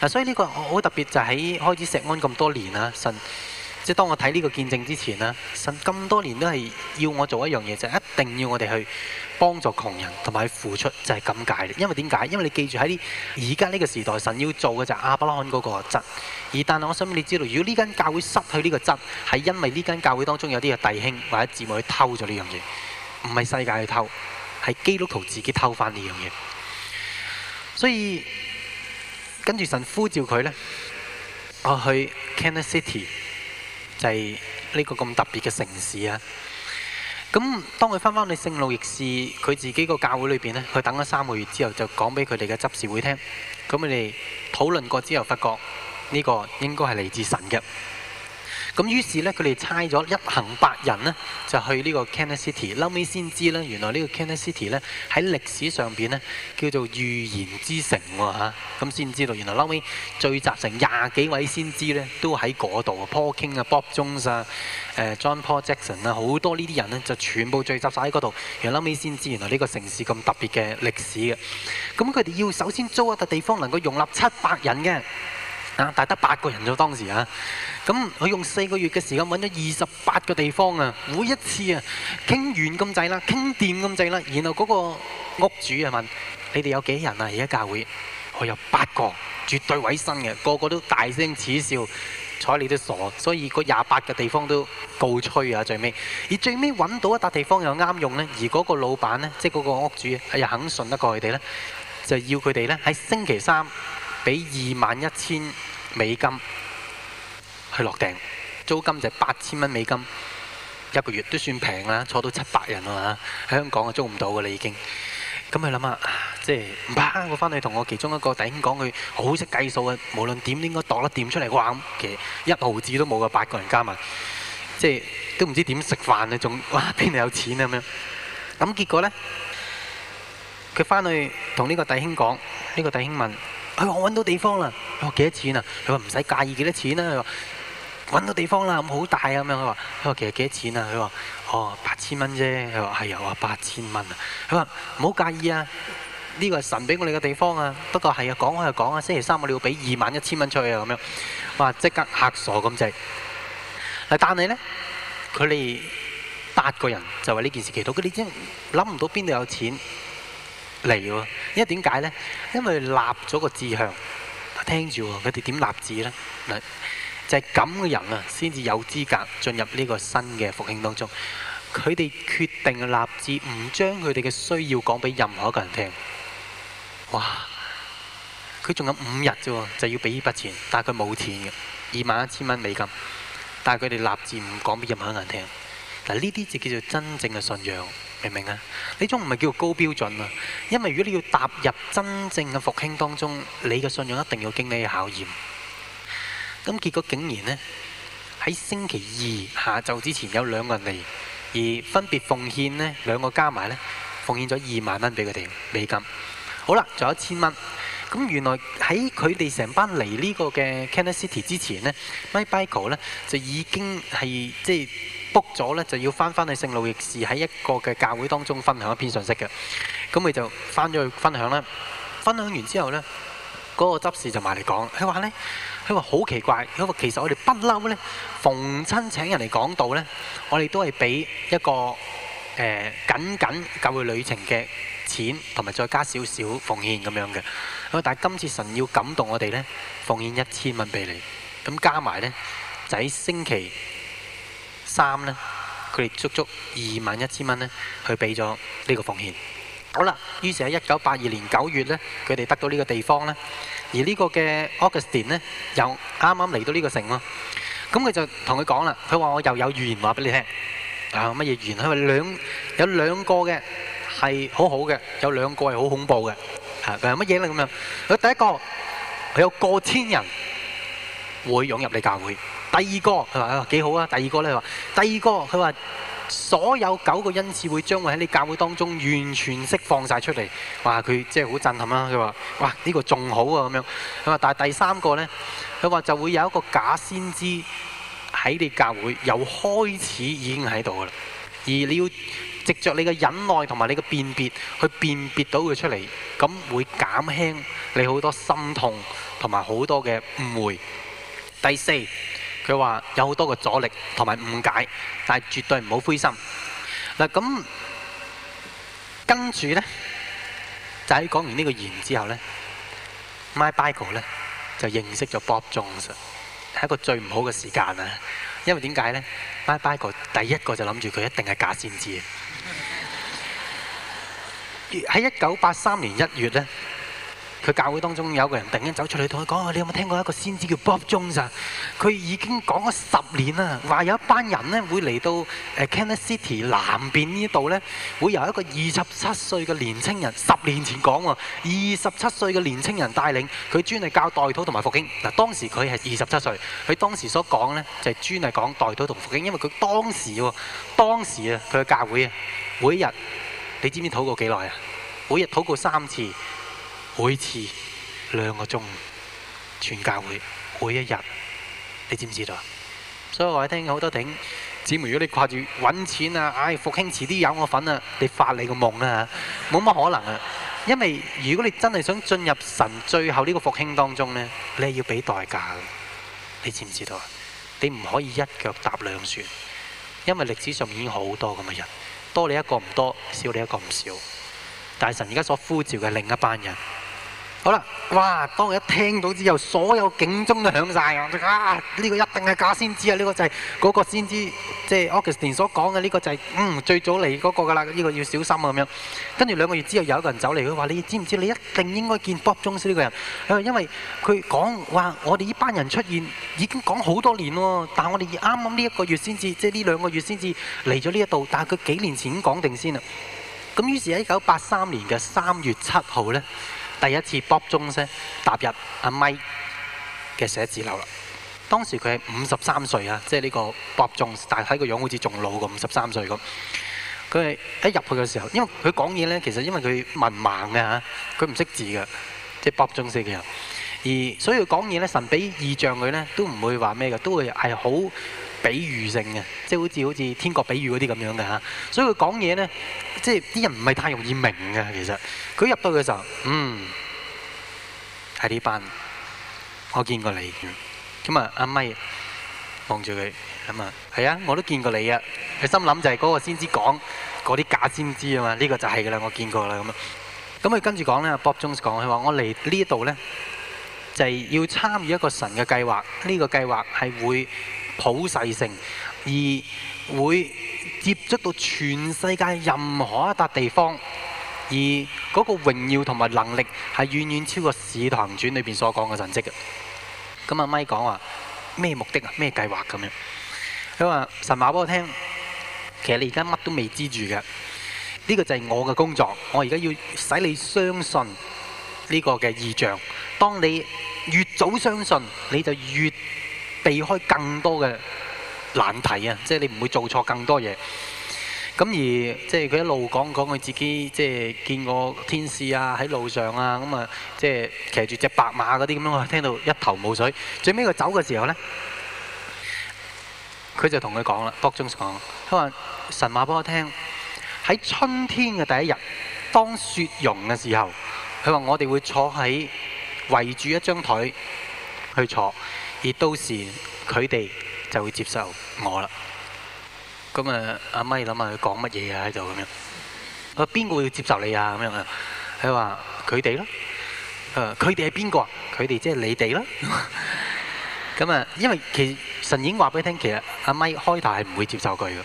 嗱，所以呢個好特別，就喺開始石安咁多年啦，神。即係當我睇呢個見證之前咧，神咁多年都係要我做一樣嘢，就係一定要我哋去幫助窮人，同埋去付出，就係咁解。因為點解？因為你記住喺而家呢個時代，神要做嘅就係亞伯拉罕嗰個質。而但係我想你知道，如果呢間教會失去呢個質，係因為呢間教會當中有啲嘅弟兄或者姊妹去偷咗呢樣嘢，唔係世界去偷，係基督徒自己偷翻呢樣嘢。所以跟住神呼召佢呢：「我去 Kansas City。就係呢個咁特別嘅城市啊！咁當佢返返去聖路易士，佢自己個教會裏邊呢，佢等咗三個月之後就講俾佢哋嘅執事會聽。咁佢哋討論過之後，發覺呢個應該係嚟自神嘅。咁於是咧，佢哋猜咗一行八人呢，就去呢個 Kansas City。後屘先知呢，原來呢個 Kansas City 呢，喺歷史上邊呢，叫做預言之城喎嚇。咁先知道，原來最後屘聚集成廿幾位先知呢，都喺嗰度啊，Paul King 啊、Bob Jones 啊、John Paul Jackson 啊，好多呢啲人呢，就全部聚集晒喺嗰度。知道原來後屘先知，原來呢個城市咁特別嘅歷史嘅。咁佢哋要首先租一笪地方，能夠容納七百人嘅。但得八個人啫，當時啊，咁佢用四個月嘅時間揾咗二十八個地方啊，每一次啊，傾完咁滯啦，傾掂咁滯啦，然後嗰個屋主啊問：你哋有幾人啊？而家教會我有八個，絕對委身嘅，個個都大聲恥笑，睬你都傻。所以個廿八個地方都告吹啊！最尾，而最尾揾到一笪地方又啱用呢。而嗰個老闆呢，即係嗰個屋主又肯信得過佢哋呢，就要佢哋呢喺星期三。俾二萬一千美金去落訂，租金就係八千蚊美金一個月，都算平啦。坐到七百人啊，喺香港啊租唔到噶啦，已經不了了。咁佢諗下，即係唔怕，我翻去同我其中一個弟兄講，佢好識計數嘅，無論點應該度得掂出嚟哇，其實一毫子都冇噶，八個人加埋，即係都唔知點食飯啊，仲哇邊度有錢啊咁樣。咁結果呢，佢翻去同呢個弟兄講，呢個弟兄問。佢話我揾到地方啦，佢話幾多錢啊？佢話唔使介意幾多錢啦。佢話揾到地方啦，咁好大啊咁樣。佢話，佢話其實幾多錢啊？佢話，哦八千蚊啫。佢話係啊，八千蚊啊。佢話唔好介意啊，呢個係神俾我哋嘅地方啊。不過係啊，講開又講啊，星期三我哋要俾二萬一千蚊出去啊咁樣。哇！即刻嚇傻咁滯。但係咧，佢哋八個人就為呢件事祈禱，其實佢哋真諗唔到邊度有錢。嚟喎，因為點解呢？因為立咗個志向。聽住喎，佢哋點立志呢？就係咁嘅人啊，先至有資格進入呢個新嘅復興當中。佢哋決定立志，唔將佢哋嘅需要講俾任何一個人聽。哇！佢仲有五日啫，就要俾呢筆錢，但係佢冇錢嘅，二萬一千蚊美金。但係佢哋立志唔講俾任何一個人聽。嗱，呢啲就叫做真正嘅信仰。明唔明啊？呢種唔係叫高標準啊！因為如果你要踏入真正嘅復興當中，你嘅信仰一定要經你嘅考驗。咁結果竟然呢，喺星期二下晝之前有兩個人嚟，而分別奉獻呢兩個加埋呢，奉獻咗二萬蚊俾佢哋美金。好啦，仲有一千蚊。咁原來喺佢哋成班嚟呢個嘅 Kansas City 之前呢 Mike Bickle 咧就已經係即係。就是 book 咗咧就要翻翻去聖路易士喺一個嘅教會當中分享一篇信息嘅，咁佢就翻咗去分享啦。分享完之後咧，嗰個執事就埋嚟講，佢話咧，佢話好奇怪，因為其實我哋不嬲咧，逢親請人嚟講道咧，我哋都係俾一個誒僅僅教會旅程嘅錢同埋再加少少奉獻咁樣嘅。咁但係今次神要感動我哋咧，奉獻一千蚊俾你，咁加埋咧就喺星期三咧，佢哋足足二萬一千蚊咧，佢俾咗呢個奉獻。好啦，於是喺一九八二年九月咧，佢哋得到呢個地方咧，而呢個嘅 Augustine 咧，又啱啱嚟到呢個城喎。咁佢就同佢講啦，佢話我又有預言話俾你聽啊！乜嘢預言？佢話兩有兩個嘅係好好嘅，有兩個係好恐怖嘅啊！佢話乜嘢咧咁樣？佢第一個佢有過千人會湧入你教會。第二個佢話：，幾好啊！第二個呢，佢話：，第二個佢話，所有九個恩賜會將會喺你教會當中完全釋放晒出嚟。哇！佢即係好震撼啦。佢話：，哇！呢個仲好啊咁樣。佢話：，但係第三個呢，佢話就會有一個假先知喺你教會由開始已經喺度噶啦。而你要藉著你嘅忍耐同埋你嘅辨別去辨別到佢出嚟，咁會減輕你好多心痛同埋好多嘅誤會。第四。佢話有好多個阻力同埋誤解，但係絕對唔好灰心。嗱咁跟住呢，就喺講完呢個言之後呢 Mike Bickle 呢，就認識咗 Bob Jones，係一個最唔好嘅時間啊，因為點解呢？Mike Bickle 第一個就諗住佢一定係假先知嘅。喺一九八三年一月呢。佢教會當中有個人突然間走出嚟同佢講：你有冇聽過一個先知叫 Bob Jones 佢已經講咗十年啦，話有一班人呢會嚟到誒 Kansas City 南邊呢度呢，會由一個二十七歲嘅年青人十年前講喎，二十七歲嘅年青人帶領，佢專係教代禱同埋復興。嗱，當時佢係二十七歲，佢當時所講呢，就係專係講代禱同復興，因為佢當時喎，當時啊，佢嘅教會啊，每日你知唔知禱過幾耐啊？每日禱過三次。每次兩個鐘全教會，每一日，你知唔知道？所以我聽好多頂姊妹，如果你掛住搵錢啊，唉、哎，復興遲啲有我份啊，你發你個夢啊，冇乜可能啊！因為如果你真係想進入神最後呢個復興當中呢，你係要俾代價，你知唔知道啊？你唔可以一腳踏兩船，因為歷史上面已經好多咁嘅人，多你一個唔多，少你一個唔少。大神而家所呼召嘅另一班人，好啦，哇！當佢一聽到之後，所有警鐘都響曬。啊！呢個一定係假先知啊！呢個就係嗰個先知，即係 Augustine 所講嘅呢個就係嗯最早嚟嗰個㗎啦。呢個要小心啊咁樣。跟住兩個月之後，有一個人走嚟，佢話：你知唔知？你一定應該見 Bob Jones 呢個人。因為佢講話，我哋呢班人出現已經講好多年喎，但係我哋啱啱呢一個月先至，即係呢兩個月先至嚟咗呢一度。但係佢幾年前已講定先啊。咁於是喺一九八三年嘅三月七號咧，第一次卜中生踏入阿咪嘅寫字樓啦。當時佢係五十三歲啊，即係呢個卜中，但係睇個樣好似仲老過五十三歲咁。佢係一入去嘅時候，因為佢講嘢咧，其實因為佢文盲啊，嚇，佢唔識字嘅，即係卜中生嘅人。而所以佢講嘢咧，神俾異象佢咧，都唔會話咩嘅，都會係好。比喻性嘅，即係好似好似天國比喻嗰啲咁樣嘅吓。所以佢講嘢呢，即係啲人唔係太容易明嘅。其實佢入到嘅時候，嗯，喺呢班，我見過你咁啊 Mike, 他，阿咪望住佢咁啊，係啊，我都見過你啊。佢心諗就係嗰個先知講嗰啲假先知啊嘛，呢、這個就係㗎啦，我見過啦咁啊。咁佢跟住講呢，Bob Jones 講，佢話我嚟呢一度呢，就係、是、要參與一個神嘅計劃，呢、這個計劃係會。普世性，而會接觸到全世界任何一笪地方，而嗰個榮耀同埋能力係遠遠超過使徒行傳裏邊所講嘅神蹟嘅。咁阿咪講話咩目的啊？咩計劃咁樣，佢話神話俾我聽，其實你而家乜都未知住嘅。呢個就係我嘅工作，我而家要使你相信呢個嘅異象。當你越早相信，你就越……避開更多嘅難題啊！即係你唔會做錯更多嘢。咁而即係佢一路講講佢自己，即係見過天使啊，喺路上啊，咁啊，即係騎住隻白馬嗰啲咁樣啊，聽到一頭霧水。最尾佢走嘅時候呢，佢就同佢講啦，伯仲講，佢 話樂神話俾我聽，喺春天嘅第一日，當雪融嘅時候，佢話我哋會坐喺圍住一張台去坐。亦到時佢哋就會接受我啦。咁啊，阿咪諗下佢講乜嘢啊喺度咁樣。啊，邊個會接受你啊咁樣啊？佢話佢哋咯。啊，佢哋係邊個啊？佢哋即係你哋囉。咁 啊，因為其實神已經話俾你聽，其實阿咪、啊、開頭係唔會接受佢嘅。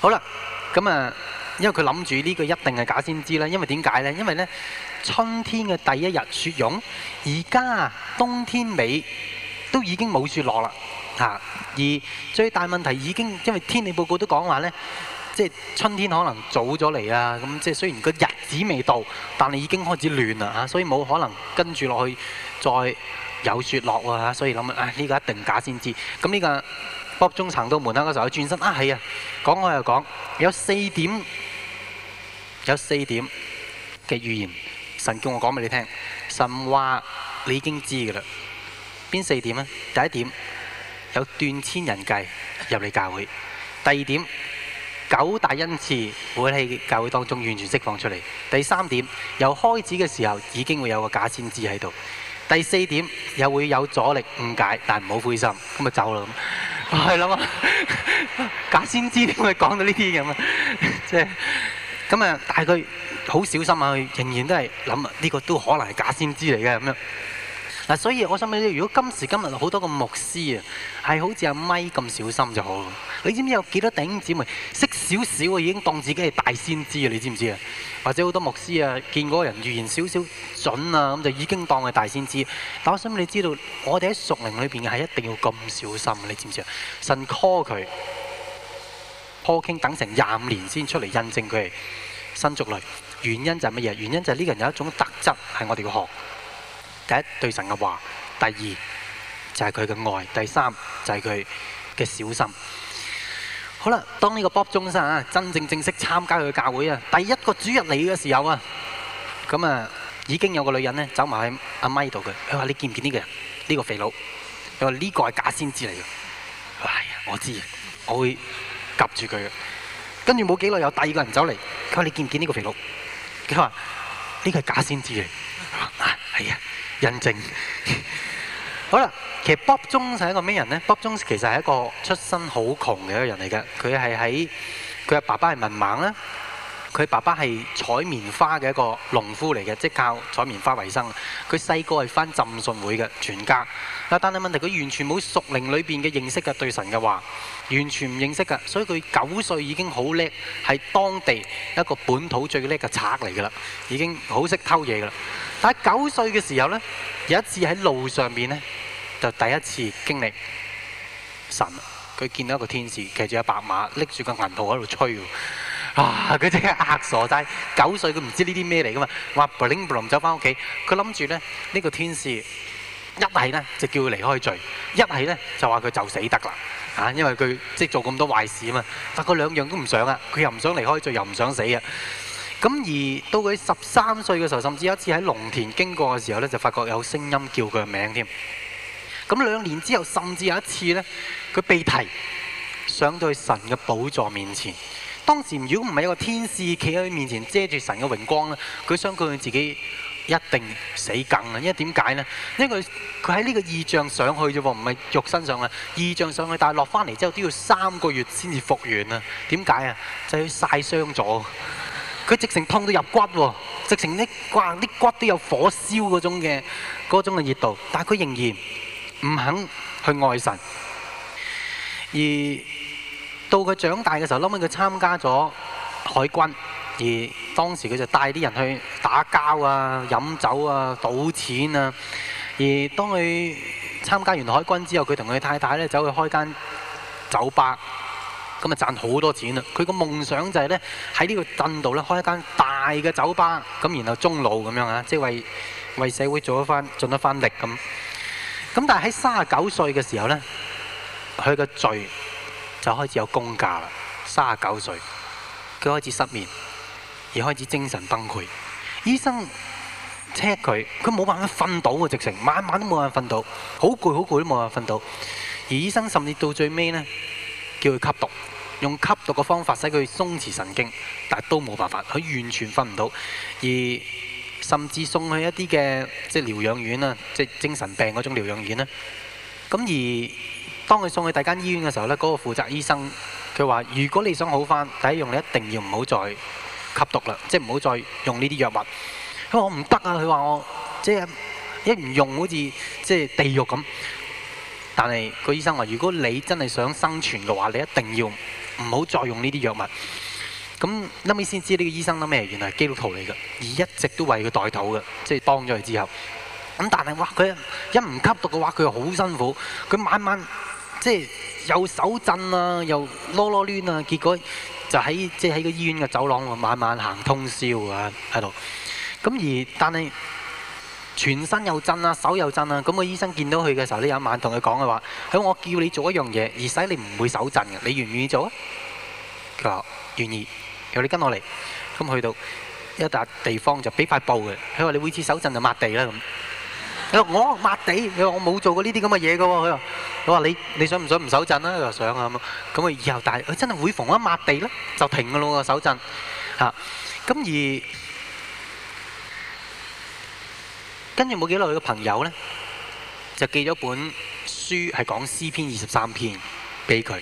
好啦，咁啊，因為佢諗住呢句一定係假先知啦。因為點解咧？因為咧，春天嘅第一日雪融，而家冬天尾。都已經冇雪落啦，嚇、啊！而最大問題已經，因為天氣報告都講話呢，即係春天可能早咗嚟啊！咁即係雖然個日子未到，但係已經開始亂啦嚇，所以冇可能跟住落去再有雪落喎！所以諗啊，呢、這個一定假先知。咁呢、這個北中層到門口嗰時候，我轉身啊係啊，講我、啊、又講有四點，有四點嘅預言，神叫我講俾你聽，神話你已經知㗎啦。邊四點呢？第一點有斷千人計入嚟教會；第二點九大恩賜會喺教會當中完全釋放出嚟；第三點由開始嘅時候已經會有個假先知喺度；第四點又會有阻力誤解，但唔好灰心，咁咪走啦。咁係諗啊，假先知點會講到呢啲咁啊？即係咁啊，但係佢好小心啊，佢仍然都係諗啊，呢個都可能係假先知嚟嘅咁樣。嗱，所以我想諗咧，如果今時今日好多個牧師啊，係好似阿咪咁小心就好。你知唔知有幾多弟兄姊妹識少少啊，已經當自己係大先知啊？你知唔知啊？或者好多牧師啊，見嗰人預言少少準啊，咁就已經當係大先知。但我想諗你知道，我哋喺熟靈裏邊嘅係一定要咁小心。你知唔知啊？神 call 佢 c a 等成廿五年先出嚟印證佢，新族類。原因就係乜嘢？原因就係呢人有一種特質係我哋要學的。第一對神嘅話，第二就係佢嘅愛，第三就係佢嘅小心。好啦，當呢個 Bob 中生啊，真正正式參加佢嘅教會啊，第一個主日嚟嘅時候啊，咁啊已經有個女人咧走埋喺阿咪度嘅，佢話：你見唔見呢個人？呢個肥佬，佢話呢個係假先知嚟嘅。係啊，我知嘅，我會夾住佢嘅。跟住冇幾耐，有第二個人走嚟，佢話：你見唔見呢個肥佬？佢話：呢個係假先知嚟。係啊。印證。人 好啦，其實 Bob 鐘係一個咩人呢？b o b 鐘其實係一個出身好窮嘅一個人嚟的，佢係喺佢嘅爸爸係文盲。佢爸爸係採棉花嘅一個農夫嚟嘅，即靠採棉花為生。佢細個係返浸信會嘅全家。但係問題，佢完全冇屬靈裏邊嘅認識嘅對神嘅話，完全唔認識嘅。所以佢九歲已經好叻，係當地一個本土最叻嘅賊嚟㗎啦，已經好識偷嘢㗎啦。但係九歲嘅時候呢，有一次喺路上面呢，就第一次經歷神。佢見到一個天使，騎住一白馬，拎住個銀號喺度吹。啊！佢即刻嚇傻曬，九歲佢唔知呢啲咩嚟噶嘛？話 bling bling 走翻屋企，佢諗住咧呢個天使一係呢，就叫佢離開罪，一係呢，就話佢就死得啦嚇，因為佢即係做咁多壞事啊嘛。發覺兩樣都唔想啊，佢又唔想離開罪，又唔想死啊。咁而到佢十三歲嘅時候，甚至有一次喺農田經過嘅時候呢，就發覺有聲音叫佢名添。咁兩年之後，甚至有一次呢，佢被提上到去神嘅寶座面前。當時如果唔係一個天使企喺佢面前遮住神嘅榮光咧，佢相信佢自己一定死梗啊！因為點解呢？因為佢喺呢個異象上去啫喎，唔係肉身上啊！異象上去，但係落翻嚟之後都要三個月先至復原啊！點解啊？就係佢晒傷咗，佢直成痛到入骨喎，直成啲骨啲骨都有火燒嗰種嘅嗰種嘅熱度，但係佢仍然唔肯去愛神而。到佢長大嘅時候，嬲尾佢參加咗海軍，而當時佢就帶啲人去打交啊、飲酒啊、賭錢啊。而當佢參加完海軍之後，佢同佢太太咧走去開一間酒吧，咁啊賺好多錢啊。佢個夢想就係咧喺呢個鎮度咧開一間大嘅酒吧，咁然後中路咁樣啊，即係為為社會做一番、盡一番力咁。咁但係喺三十九歲嘅時候咧，佢個罪。就開始有工價啦，三十九歲，佢開始失眠，而開始精神崩潰。醫生 check 佢，佢冇辦法瞓到啊，直情晚晚都冇辦法瞓到，好攰好攰都冇辦法瞓到。而醫生甚至到最尾呢，叫佢吸毒，用吸毒嘅方法使佢鬆弛神經，但都冇辦法，佢完全瞓唔到。而甚至送去一啲嘅即係療養院啊，即係精神病嗰種療養院咧。咁而當佢送去第二間醫院嘅時候，呢個負責醫生佢話：如果你想好返，第一樣你一定要唔好再吸毒啦，即係唔好再用呢啲藥物。佢話我唔得啊，佢話我即係一唔用好似即係地獄咁。但係個醫生話：如果你真係想生存嘅話，你一定要唔好再用呢啲藥物。咁後尾先知呢個醫生係咩？原來係基督徒嚟嘅，而一直都為佢代禱嘅，即係幫咗佢之後。咁但係哇，佢一唔吸毒嘅話，佢又好辛苦，佢晚晚。即係又手震啊，又囉囉攣啊，結果就喺即係喺個醫院嘅走廊度晚晚行通宵啊喺度。咁而但係全身又震啊，手又震啊。咁個醫生見到佢嘅時候，呢有一晚同佢講嘅話：喺我叫你做一樣嘢，而使你唔會手震嘅，你願唔願意做啊？佢話願意。佢話你跟我嚟。咁去到一笪地方就俾塊布嘅。佢話你每次手震就抹地啦咁。我抹地，你話我冇做過呢啲咁嘅嘢㗎喎，佢話：佢話你，你想唔想唔手震咧？佢話想啊，咁啊，咁啊以後但係佢真係會逢一抹地咧，就停㗎咯個手震吓。咁而跟住冇幾耐，個朋友咧就寄咗本書係講詩篇二十三篇俾佢。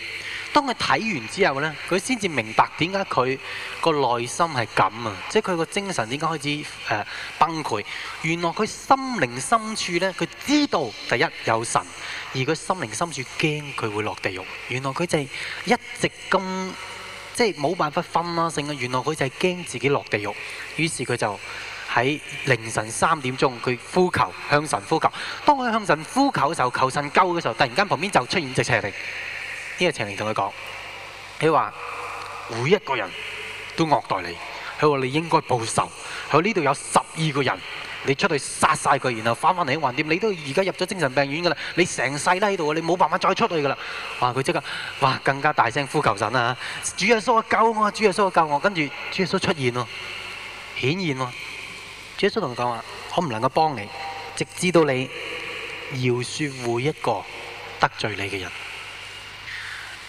當佢睇完之後呢，佢先至明白點解佢個內心係咁啊，即係佢個精神點解開始誒崩潰？原來佢心靈深處呢，佢知道第一有神，而佢心靈深處驚佢會落地獄。原來佢就係一直咁，即係冇辦法分啦，聖啊！原來佢就係驚自己落地獄，於是佢就喺凌晨三點鐘佢呼求向神呼求。當佢向神呼求嘅時候，求神救嘅時候，突然間旁邊就出現隻邪靈。呢個情形同佢講，佢話每一個人都惡待你，佢話你應該報仇。佢呢度有十二個人，你出去殺晒佢，然後翻返嚟橫掂，你都而家入咗精神病院㗎啦。你成世都喺度啊，你冇辦法再出去㗎啦。哇！佢即刻哇，更加大聲呼求神啊！主耶穌啊，救我！主耶穌啊，救我！跟住主耶穌出現喎，顯現喎。主耶穌同佢講話，我唔能夠幫你，直至到你饒恕每一個得罪你嘅人。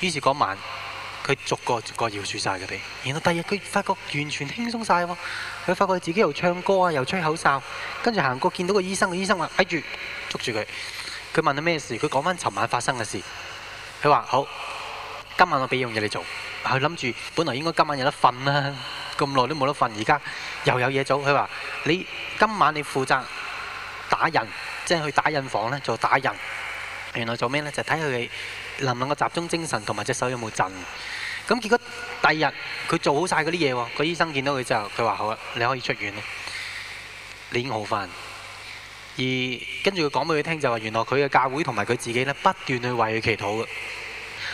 於是嗰晚，佢逐個逐個饒恕晒佢哋。然後第二日佢發覺完全輕鬆晒。佢發覺自己又唱歌啊，又吹口哨。跟住行過見到個醫生，個醫生話，挨住捉住佢。佢問佢咩事，佢講翻尋晚發生嘅事。佢話：好，今晚我俾樣嘢你做。佢諗住本來應該今晚有得瞓啦，咁耐都冇得瞓，而家又有嘢做。佢話：你今晚你負責打印，即係去打印房咧做打印。」原來做咩呢？就睇佢哋。能唔能夠集中精神同埋隻手有冇震？咁結果第二日佢做好晒嗰啲嘢喎，個醫生見到佢之後，佢話好啊，你可以出院啦，你已經好返。而跟住佢講俾佢聽就話，原來佢嘅教會同埋佢自己呢不斷去為佢祈禱嘅。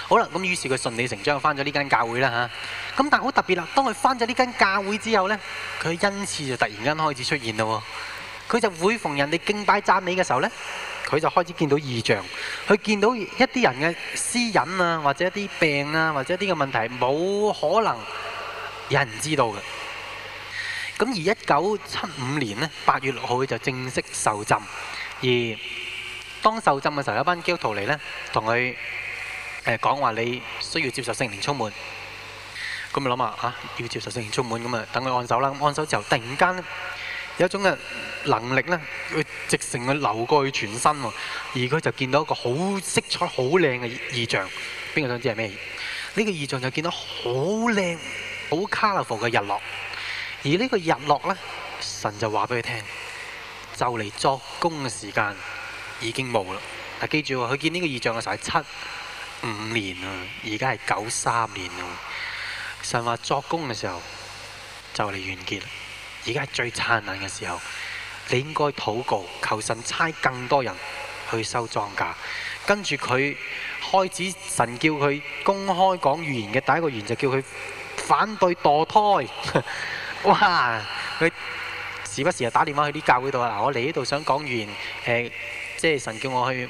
好啦，咁於是佢順理成章返咗呢間教會啦吓，咁但係好特別啦，當佢返咗呢間教會之後呢，佢嘅恩賜就突然間開始出現啦喎。佢就會逢人哋敬拜讚美嘅時候呢。佢就開始見到異象，佢見到一啲人嘅私隱啊，或者一啲病啊，或者一啲嘅問題，冇可能有人知道嘅。咁而一九七五年呢，八月六號佢就正式受浸。而當受浸嘅時候，有班基督徒嚟呢，同佢誒講話你需要接受聖靈充滿。咁咪諗下嚇，要接受聖靈充滿，咁啊等佢按手啦。按手之後，突然間。有一種嘅能力咧，佢直情去流過去全身喎，而佢就見到一個好色彩、好靚嘅異象。邊個想知係咩？呢個異象就見到好靚、好 colourful 嘅日落。而呢個日落咧，神就話俾佢聽：就嚟作工嘅時間已經冇啦。嗱，記住喎，佢見呢個異象嘅時候係七五年啊，而家係九三年啊。神話作工嘅時候就嚟完結。而家係最燦爛嘅時候，你應該禱告求神差更多人去收莊稼。跟住佢開始，神叫佢公開講預言嘅第一個預言就叫佢反對墮胎。哇！佢時不時就打電話去啲教會度話：嗱，我嚟呢度想講預言。誒，即係神叫我去。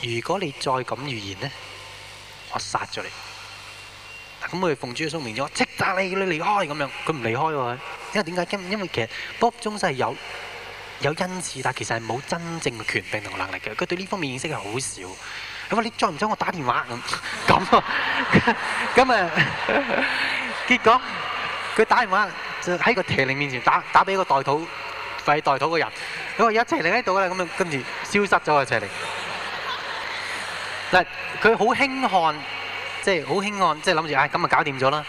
如果你再咁預言咧，我殺咗你！嗱，咁佢奉主嘅聰明咗，即打你，你離開咁樣，佢唔離開喎，因為點解？因因為其實 Bob Jones 有有恩賜，但係其實係冇真正嘅權柄同能力嘅，佢對呢方面認識係好少。咁啊，你再唔準我打電話咁咁啊，咁啊，結果佢打電話就喺個邪靈面前打打俾個代禱廢代禱嘅人，咁啊，有一隻邪靈喺度啦，咁啊，跟住消失咗啊，邪靈。嗱，佢好輕看，即係好輕看，即係諗住唉，咁、哎、啊搞掂咗啦。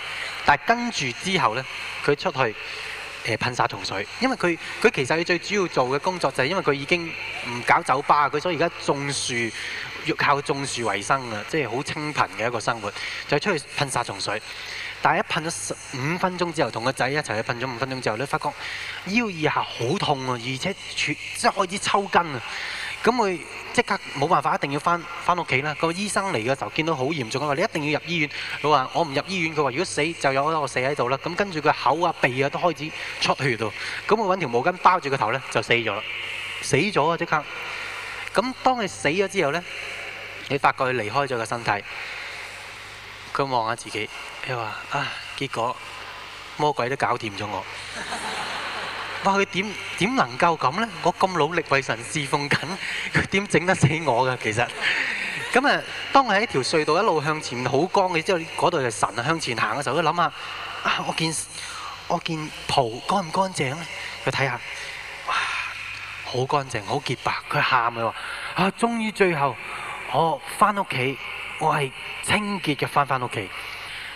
但係跟住之後咧，佢出去誒噴殺蟲水，因為佢佢其實佢最主要做嘅工作就係因為佢已經唔搞酒吧，佢所以而家種樹，要靠種樹為生啊，即係好清貧嘅一個生活。就出去噴殺蟲水，但係一噴咗十五分鐘之後，同個仔一齊去噴咗五分鐘之後，咧發覺腰以下好痛啊，而且即係開始抽筋啊。咁佢即刻冇辦法，一定要翻翻屋企啦。個醫生嚟嘅時候見到好嚴重，佢話你一定要入醫院。佢話我唔入醫院，佢話如果死就有我死喺度啦。咁跟住佢口啊、鼻啊都開始出血度。咁佢揾條毛巾包住個頭咧，就死咗啦。死咗啊！即刻。咁當佢死咗之後咧，你發覺佢離開咗個身體。佢望下自己，佢話啊，結果魔鬼都搞掂咗我。哇！佢點點能夠咁咧？我咁努力為神侍奉緊，佢點整得死我㗎？其實，咁啊，當我喺條隧道一路向前，好光嘅之後，嗰度係神向前行嘅時候，都諗啊，啊！我見我見袍乾唔乾淨咧？佢睇下，哇！好乾淨，好潔白。佢喊佢話：啊，終於最後，我翻屋企，我係清潔嘅翻翻屋企。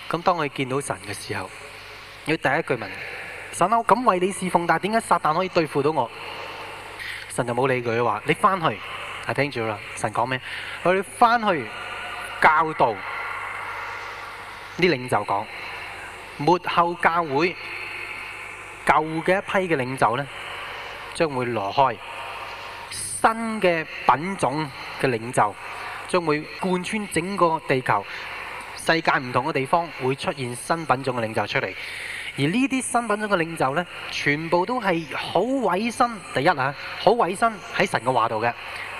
咁當佢見到神嘅時候，佢第一句問。神，我，咁為你侍奉，但係點解撒但可以對付到我？神就冇理佢話，你翻去，啊，聽住啦，神講咩？佢翻去教導啲領袖講，末後教會舊嘅一批嘅領袖呢，將會挪開，新嘅品種嘅領袖將會貫穿整個地球，世界唔同嘅地方，會出現新品種嘅領袖出嚟。而呢啲身份中嘅領袖呢，全部都係好委身。第一啊，好委身喺神嘅話度嘅。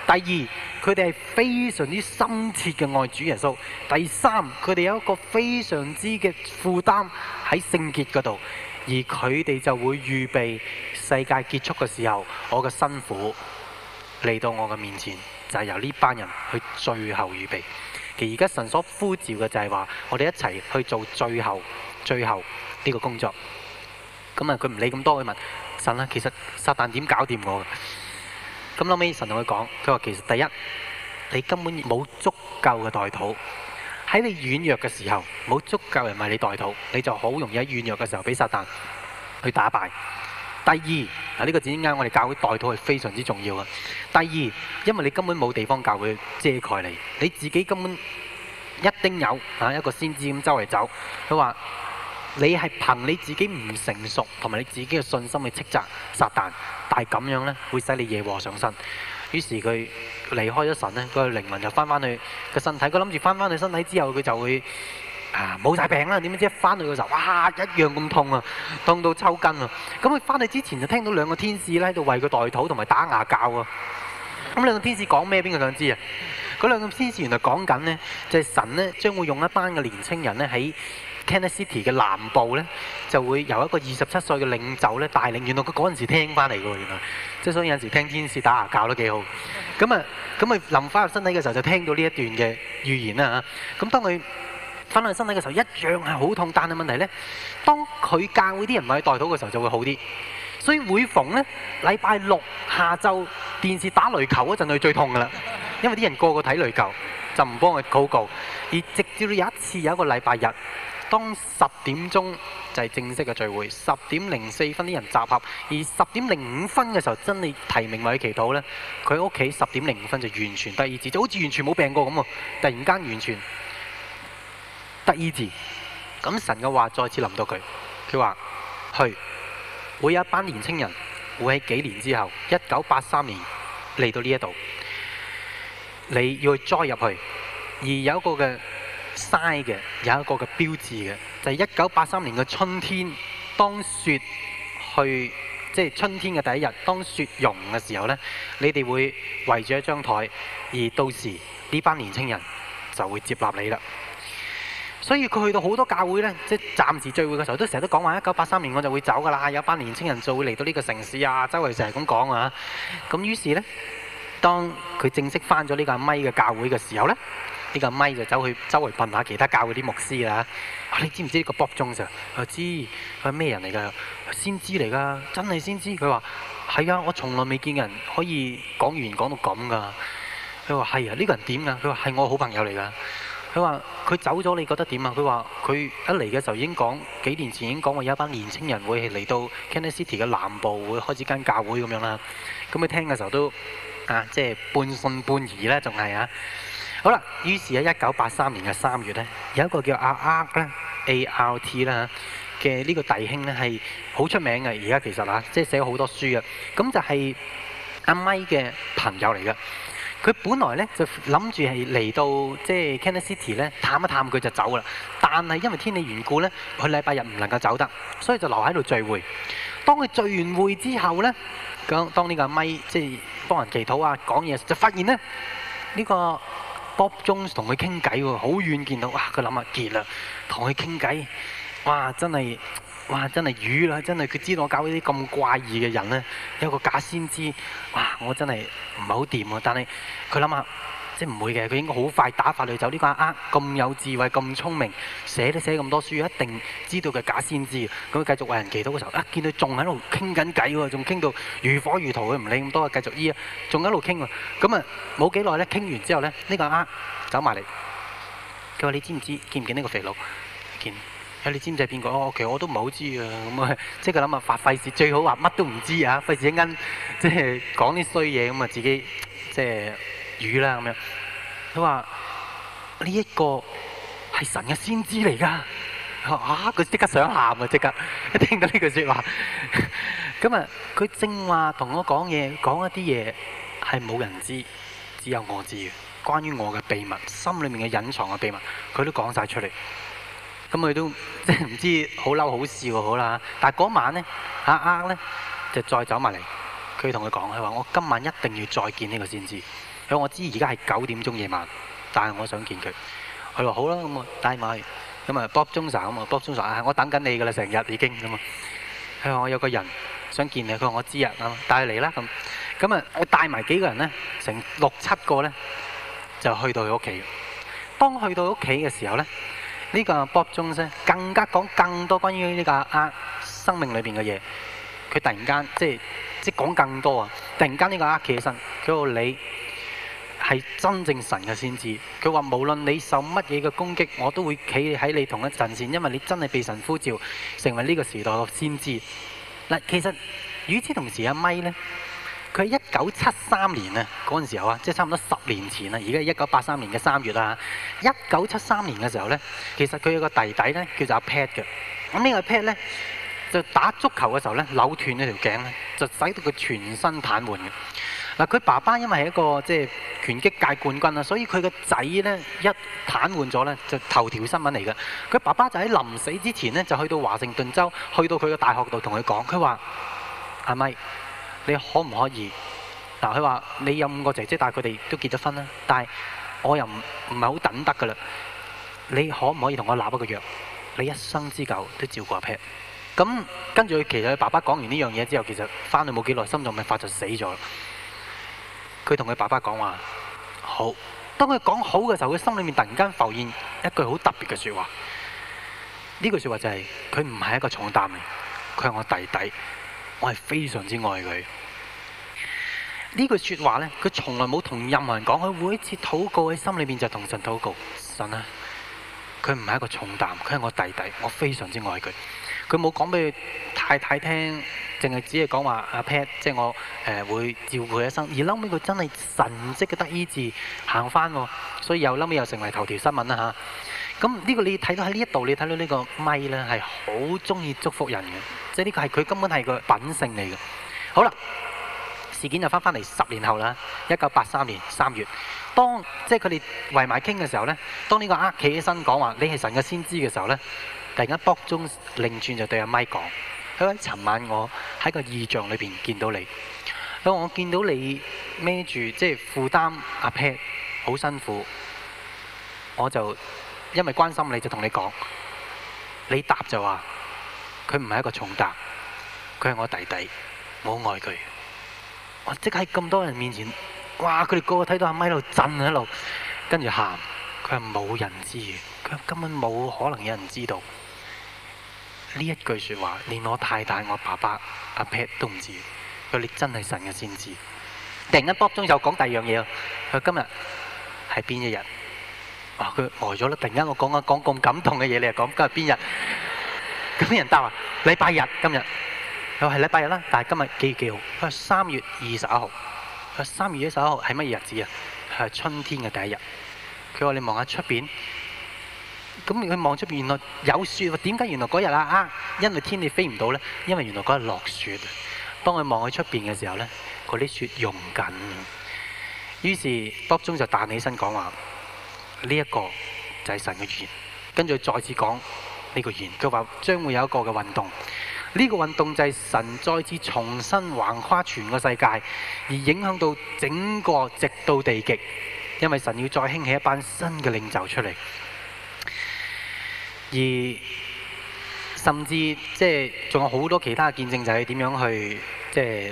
第二，佢哋係非常之深切嘅愛主耶穌。第三，佢哋有一個非常之嘅負擔喺聖潔嗰度，而佢哋就會預備世界結束嘅時候，我嘅辛苦嚟到我嘅面前，就係、是、由呢班人去最後預備。其而家神所呼召嘅就係話，我哋一齊去做最後，最後。呢個工作，咁啊佢唔理咁多，佢問神啦，其實撒但點搞掂我㗎？咁後尾神同佢講，佢話其實第一，你根本冇足夠嘅代禱，喺你軟弱嘅時候冇足夠人為你代禱，你就好容易喺軟弱嘅時候俾撒但去打敗。第二啊，呢個正係點解我哋教會代禱係非常之重要啊。第二，因為你根本冇地方教會遮蓋你，你自己根本一丁有啊一個先知咁周圍走，佢話。你係憑你自己唔成熟同埋你自己嘅信心去斥責撒旦，但係咁樣呢，會使你惹禍上身。於是佢離開咗神咧，個靈魂就翻翻去個身體。佢諗住翻翻去身體之後，佢就會啊冇晒病啦。點知一翻去嘅時候，哇一樣咁痛啊，痛到抽筋啊！咁佢翻去之前就聽到兩個天使咧喺度為佢代禱同埋打牙教啊。咁兩個天使講咩？邊個想知啊？嗰兩個天使原來講緊呢，就係神呢，將會用一班嘅年青人呢，喺。Kansas City 嘅南部咧，就會由一個二十七歲嘅領袖咧帶領。原來佢嗰陣時聽翻嚟嘅喎，原來，即係所以有陣時候聽電視打牙教都幾好。咁啊， 咁啊，臨翻入身體嘅時候就聽到呢一段嘅預言啦嚇。咁當佢翻入身體嘅時候一樣係好痛，但係問題咧，當佢教啲人唔係去代禱嘅時候就會好啲。所以每逢咧禮拜六下晝電視打雷球嗰陣，佢最痛㗎啦，因為啲人個個睇雷球就唔幫佢禱告，而直至到有一次有一個禮拜日。當十點鐘就係正式嘅聚會，十點零四分啲人集合，而十點零五分嘅時候真係提名為佢祈禱呢？佢屋企十點零五分就完全得醫治，就好似完全冇病過咁啊！突然間完全得醫治，咁神嘅話再次臨到佢，佢話去會有一班年青人會喺幾年之後，一九八三年嚟到呢一度，你要去栽入去，而有一個嘅。嘥嘅有一個嘅標誌嘅，就係一九八三年嘅春天，當雪去即係、就是、春天嘅第一日，當雪融嘅時候呢，你哋會圍住一張台，而到時呢班年青人就會接納你啦。所以佢去到好多教會呢，即係暫時聚會嘅時候，都成日都講話一九八三年我就會走噶啦，有班年青人就會嚟到呢個城市啊，周圍成日咁講啊。咁於是呢，當佢正式翻咗呢個咪嘅教會嘅時候呢。呢個咪就走去周圍問下其他教嗰啲牧師啦。你知唔知呢個卜中就？知。佢、啊、咩人嚟㗎？先知嚟㗎，真係先知。佢話：係啊，我從來未見人可以講完講到咁㗎。佢話：係啊，呢、這個人點啊？佢話：係我好朋友嚟㗎。佢話：佢走咗，你覺得點啊？佢話：佢一嚟嘅時候已經講幾年前已經講過有一班年青人會嚟到 Kansas City 嘅南部會開始間教會咁樣啦。咁、嗯、佢、嗯嗯、聽嘅時候都啊，即係半信半疑啦，仲係啊。好啦，於是喺一九八三年嘅三月咧，有一個叫阿厄咧 （A.R.T.） 啦嘅呢個弟兄咧係好出名嘅。而家其實啊，即係寫咗好多書嘅。咁就係阿麥嘅朋友嚟嘅。佢本來咧就諗住係嚟到即係 Kansas City 咧探一探佢就走啦。但係因為天氣緣故咧，佢禮拜日唔能夠走得，所以就留喺度聚會。當佢聚完會之後咧，咁當呢個阿麥即係幫人祈禱啊講嘢，就發現咧呢個。波中同佢傾偈喎，好遠見到，哇！佢諗下，結啦，同佢傾偈，哇！真係，哇！真係瘀啦，真係佢知道我搞呢啲咁怪異嘅人咧，有個假先知，哇！我真係唔係好掂啊，但係佢諗下。即係唔會嘅，佢應該好快打發你走。呢、這個呃咁有智慧、咁聰明，寫都寫咁多書，一定知道佢假先知。咁佢繼續為人祈禱嘅時候，一、啊、見到仲喺度傾緊偈喎，仲傾到如火如荼，佢唔理咁多，繼續醫啊。仲喺度傾喎，咁啊冇幾耐咧，傾完之後咧，呢、這個呃走埋嚟，佢話你知唔知？見唔見呢個肥佬？見。你知唔知係邊個？我其實我都唔係好知啊。咁啊，即係佢諗啊，發費事最好話乜都唔知啊，費事一間即係講啲衰嘢，咁啊自己即係。語啦咁樣，佢話呢一個係神嘅先知嚟㗎嚇！佢即刻想喊啊！即刻一聽到呢句説話，咁啊佢正話同我講嘢，講一啲嘢係冇人知，只有我知嘅，關於我嘅秘密，心裡面嘅隱藏嘅秘密，佢都講晒出嚟。咁佢都即係唔知好嬲好笑喎，好啦嚇！但係嗰晚咧，啱啱咧就再走埋嚟，佢同佢講：佢話我今晚一定要再見呢個先知。我知而家係九點鐘夜晚，但係我想見佢。佢話好啦，咁我帶埋，咁啊 Bob Johnson 咁啊 Bob Johnson 我等緊你㗎啦，成日已經咁啊。佢話我有個人想見你，佢話我知啊，咁帶你啦咁。咁啊，我帶埋幾個人咧，成六七個咧，就去到佢屋企。當去到佢屋企嘅時候咧，呢、這個 Bob Johnson 更加講更多關於呢個呃、啊、生命裏邊嘅嘢。佢突然間即係即講更多啊！突然間呢個呃、啊、企起身，佢話你。係真正神嘅先知，佢話無論你受乜嘢嘅攻擊，我都會企喺你同一陣線，因為你真係被神呼召成為呢個時代嘅先知。嗱，其實與此同時，阿麥呢，佢喺一九七三年啊，嗰陣時候啊，即係差唔多十年前啊，而家係一九八三年嘅三月喇，一九七三年嘅時候呢，其實佢有個弟弟呢，叫做阿 Pat 嘅。咁、這、呢個 Pat 呢，就打足球嘅時候呢，扭斷呢條頸咧，就使到佢全身癱瘓嘅。嗱，佢爸爸因為係一個即係拳擊界冠軍啦，所以佢個仔呢，一癱瘓咗呢，就頭條新聞嚟嘅。佢爸爸就喺臨死之前呢，就去到華盛頓州，去到佢嘅大學度同佢講，佢話：係咪，你可唔可以？嗱，佢話你有五個姐姐，但係佢哋都結咗婚啦。但係我又唔唔係好等得㗎啦。你可唔可以同我立一個約？你一生之久都照顧阿 Pat。咁跟住佢其實佢爸爸講完呢樣嘢之後，其實翻去冇幾耐，心臟病發就死咗啦。佢同佢爸爸講話：好，當佢講好嘅時候，佢心裏面突然間浮現一句好特別嘅説話。呢句説話就係：佢唔係一個重擔，佢係我弟弟，我係非常之愛佢。呢句説話呢，佢從來冇同任何人講。佢每一次禱告，喺心裏面就同神禱告：神啊，佢唔係一個重擔，佢係我弟弟，我非常之愛佢。佢冇講俾佢太太聽，淨係只係講話阿 Pat，即係我誒會照顧佢一生。而嬲尾佢真係神跡嘅得醫治，行翻喎，所以又嬲尾又成為頭條新聞啦嚇。咁呢個你睇到喺呢一度，這你睇到呢個咪咧係好中意祝福人嘅，即係呢個係佢根本係個品性嚟嘅。好啦，事件就翻翻嚟十年後啦，一九八三年三月，當即係佢哋圍埋傾嘅時候咧，當呢個阿企起身講話你係神嘅先知嘅時候咧。突然間卜中擰轉就對阿咪講：佢喺尋晚我喺個異象裏面見到你，我我見到你孭住即係負擔阿 pad 好辛苦，我就因為關心你就同你講。你答就話佢唔係一個重擔，佢係我弟弟，冇愛佢。我即刻喺咁多人面前，哇！佢哋個個睇到阿咪喺度震喺度，跟住喊，佢話冇人知，佢根本冇可能有人知道。呢一句説話，連我太太、我爸爸、阿 Pat 都唔知。佢話你真係神嘅先知。突然間 box 中就講第二樣嘢，佢今日係邊一日？啊、哦！佢呆咗啦！突然間我講緊講咁感動嘅嘢，你又講今日邊日？咁人答話禮拜日今日。佢話係禮拜日啦，但係今日幾幾號？佢話三月二十一號。佢話三月二十一號係乜嘢日子啊？係春天嘅第一日。佢話你望下出邊。咁佢望出面原來有雪。點解原來嗰日啊,啊，因為天氣飛唔到呢？因為原來嗰日落雪。當佢望去出面嘅時候呢，嗰啲雪融緊。於是卜中就彈起身講話：呢、這、一個就係神嘅語言。跟住再次講呢、這個言，佢話將會有一個嘅運動。呢、這個運動就係神再次重新橫跨全個世界，而影響到整個直到地極。因為神要再興起一班新嘅領袖出嚟。而甚至即係仲有好多其他嘅見證，就係點樣去即係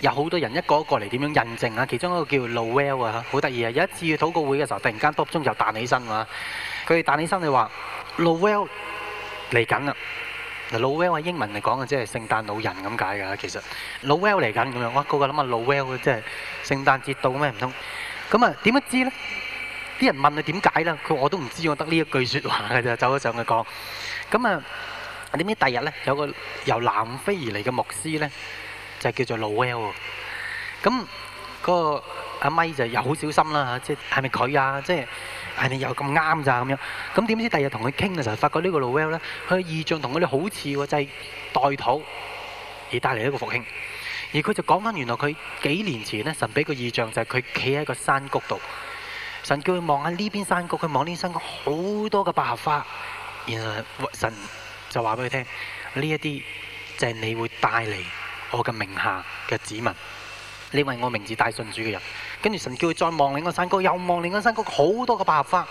有好多人一個一個嚟點樣印證啊！其中一個叫 Lowell 啊，嚇好得意啊！有一次去禱告會嘅時候，突然間多鐘就彈起身喎，佢哋彈起身就話 Lowell 嚟緊啦！嗱，Lowell 啊英文嚟講嘅，即係聖誕老人咁解㗎，其實 Lowell 嚟緊咁樣，哇個個諗下 Lowell 啊，即係聖誕節到咩唔通？咁啊點樣知咧？啲人問你點解啦，佢我都唔知，我得呢一句説話嘅啫，走咗上去講。咁啊，點知第二日咧，有個由南非而嚟嘅牧師咧，就叫做盧爾。咁個阿咪就又好小心啦嚇，即係係咪佢啊？即係係咪又咁啱咋咁樣？咁點知第二日同佢傾嘅時候，發覺呢個盧爾咧，佢嘅意象同我哋好似喎，就係代土而帶嚟一個復興。而佢就講緊原來佢幾年前咧，神俾個意象就係佢企喺個山谷度。神叫佢望下呢邊山谷，佢望呢山谷好多嘅百合花，然後神就話俾佢聽：呢一啲就係你會帶嚟我嘅名下嘅子民，你為我名字帶信主嘅人。跟住神叫佢再望另一個山谷，又望另一個山谷好多嘅百合花。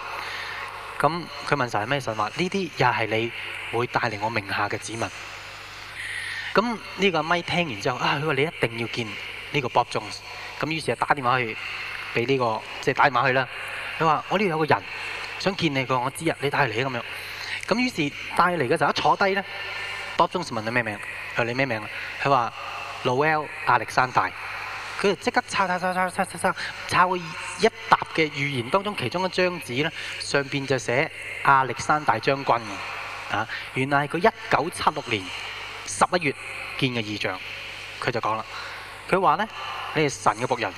咁佢問神係咩神話？呢啲又係你會帶嚟我名下嘅子民。咁呢個咪聽完之後啊，佢話你一定要見呢個 Bob Jones。咁於是就打電話去。俾呢個即係打電話去啦。佢話我呢度有個人想見你，佢話我知人，你帶嚟咁樣。咁於是帶嚟嘅時候，一坐低咧，卜中士問你咩名？佢話你咩名啊？佢話老爾亞歷山大。佢就即刻抄抄抄抄抄抄抄抄一沓嘅預言當中其中一張紙咧，上邊就寫亞歷山大將軍啊。原來係佢一九七六年十一月見嘅異象。佢就講啦，佢話咧你係神嘅僕人。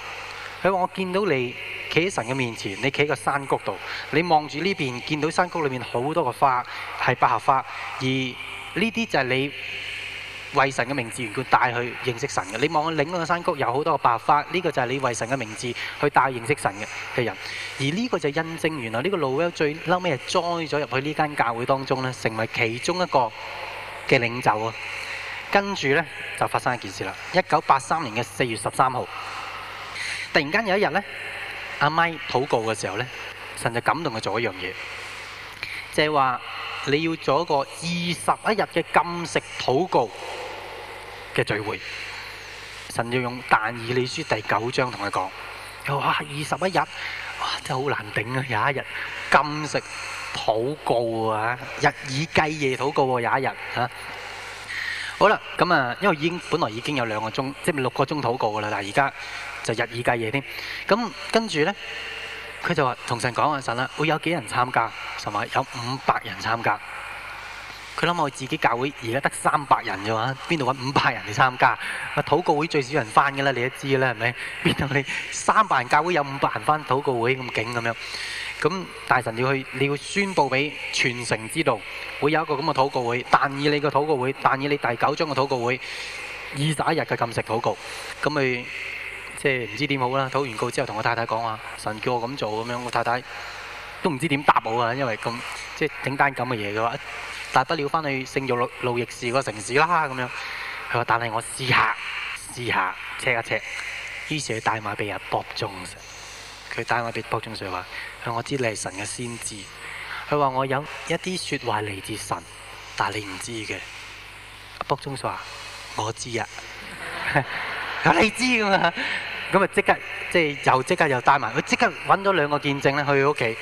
佢話：我見到你企喺神嘅面前，你企喺個山谷度，你望住呢邊，見到山谷裏面好多個花，係百合花。而呢啲就係你為神嘅名字如果帶去認識神嘅。你望到另一山谷有好多個百合花，呢、這個就係你為神嘅名字去帶認識神嘅嘅人。而呢個就是印證原來呢個路威最嬲尾係栽咗入去呢間教會當中咧，成為其中一個嘅領袖啊！跟住咧就發生一件事啦。一九八三年嘅四月十三號突然間有一日咧，阿 Mike 禱告嘅時候咧，神就感動佢做一樣嘢，就係話你要做一個二十一日嘅禁食禱告嘅聚會。神要用但以理書第九章同佢講。佢話：二十一日，哇！真係好難頂啊！有一日禁食禱告啊，日以繼夜禱告喎，有一日嚇。好啦，咁啊，因為已經本來已經有兩個鐘，即係六個鐘禱告噶啦，但係而家，就日以繼夜添，咁跟住呢，佢就話同神講啊神啦，會有幾人參加，同埋有五百人參加。佢諗我自己教會而家得三百人嘅話，邊度揾五百人嚟參加？啊，禱告會最少人翻嘅啦，你都知啦，係咪？邊度你三百人教會有五百人翻禱告會咁勁咁樣？咁大神要去，你要宣佈俾全城知道，會有一個咁嘅禱告會，但以理個禱告會，但以理第九章嘅禱告會，二十一日嘅禁食禱告，咁咪？即係唔知點好啦，禱完告之後同我太太講話，神叫我咁做咁樣，我太太都唔知點答我啊，因為咁即係整單咁嘅嘢嘅話，大不了翻去聖約路路易士個城市啦咁樣。佢話但係我試下，試下，check 一 check。於是佢帶埋俾阿卜中瑞，佢帶埋俾卜中瑞話：，我知你係神嘅先知。佢話我有一啲說話嚟自神，但係你唔知嘅。阿卜中瑞話、啊：，我知啊，有 你知噶嘛？咁啊，即刻即係又即刻又帶埋佢，即刻揾咗兩個見證咧去佢屋企。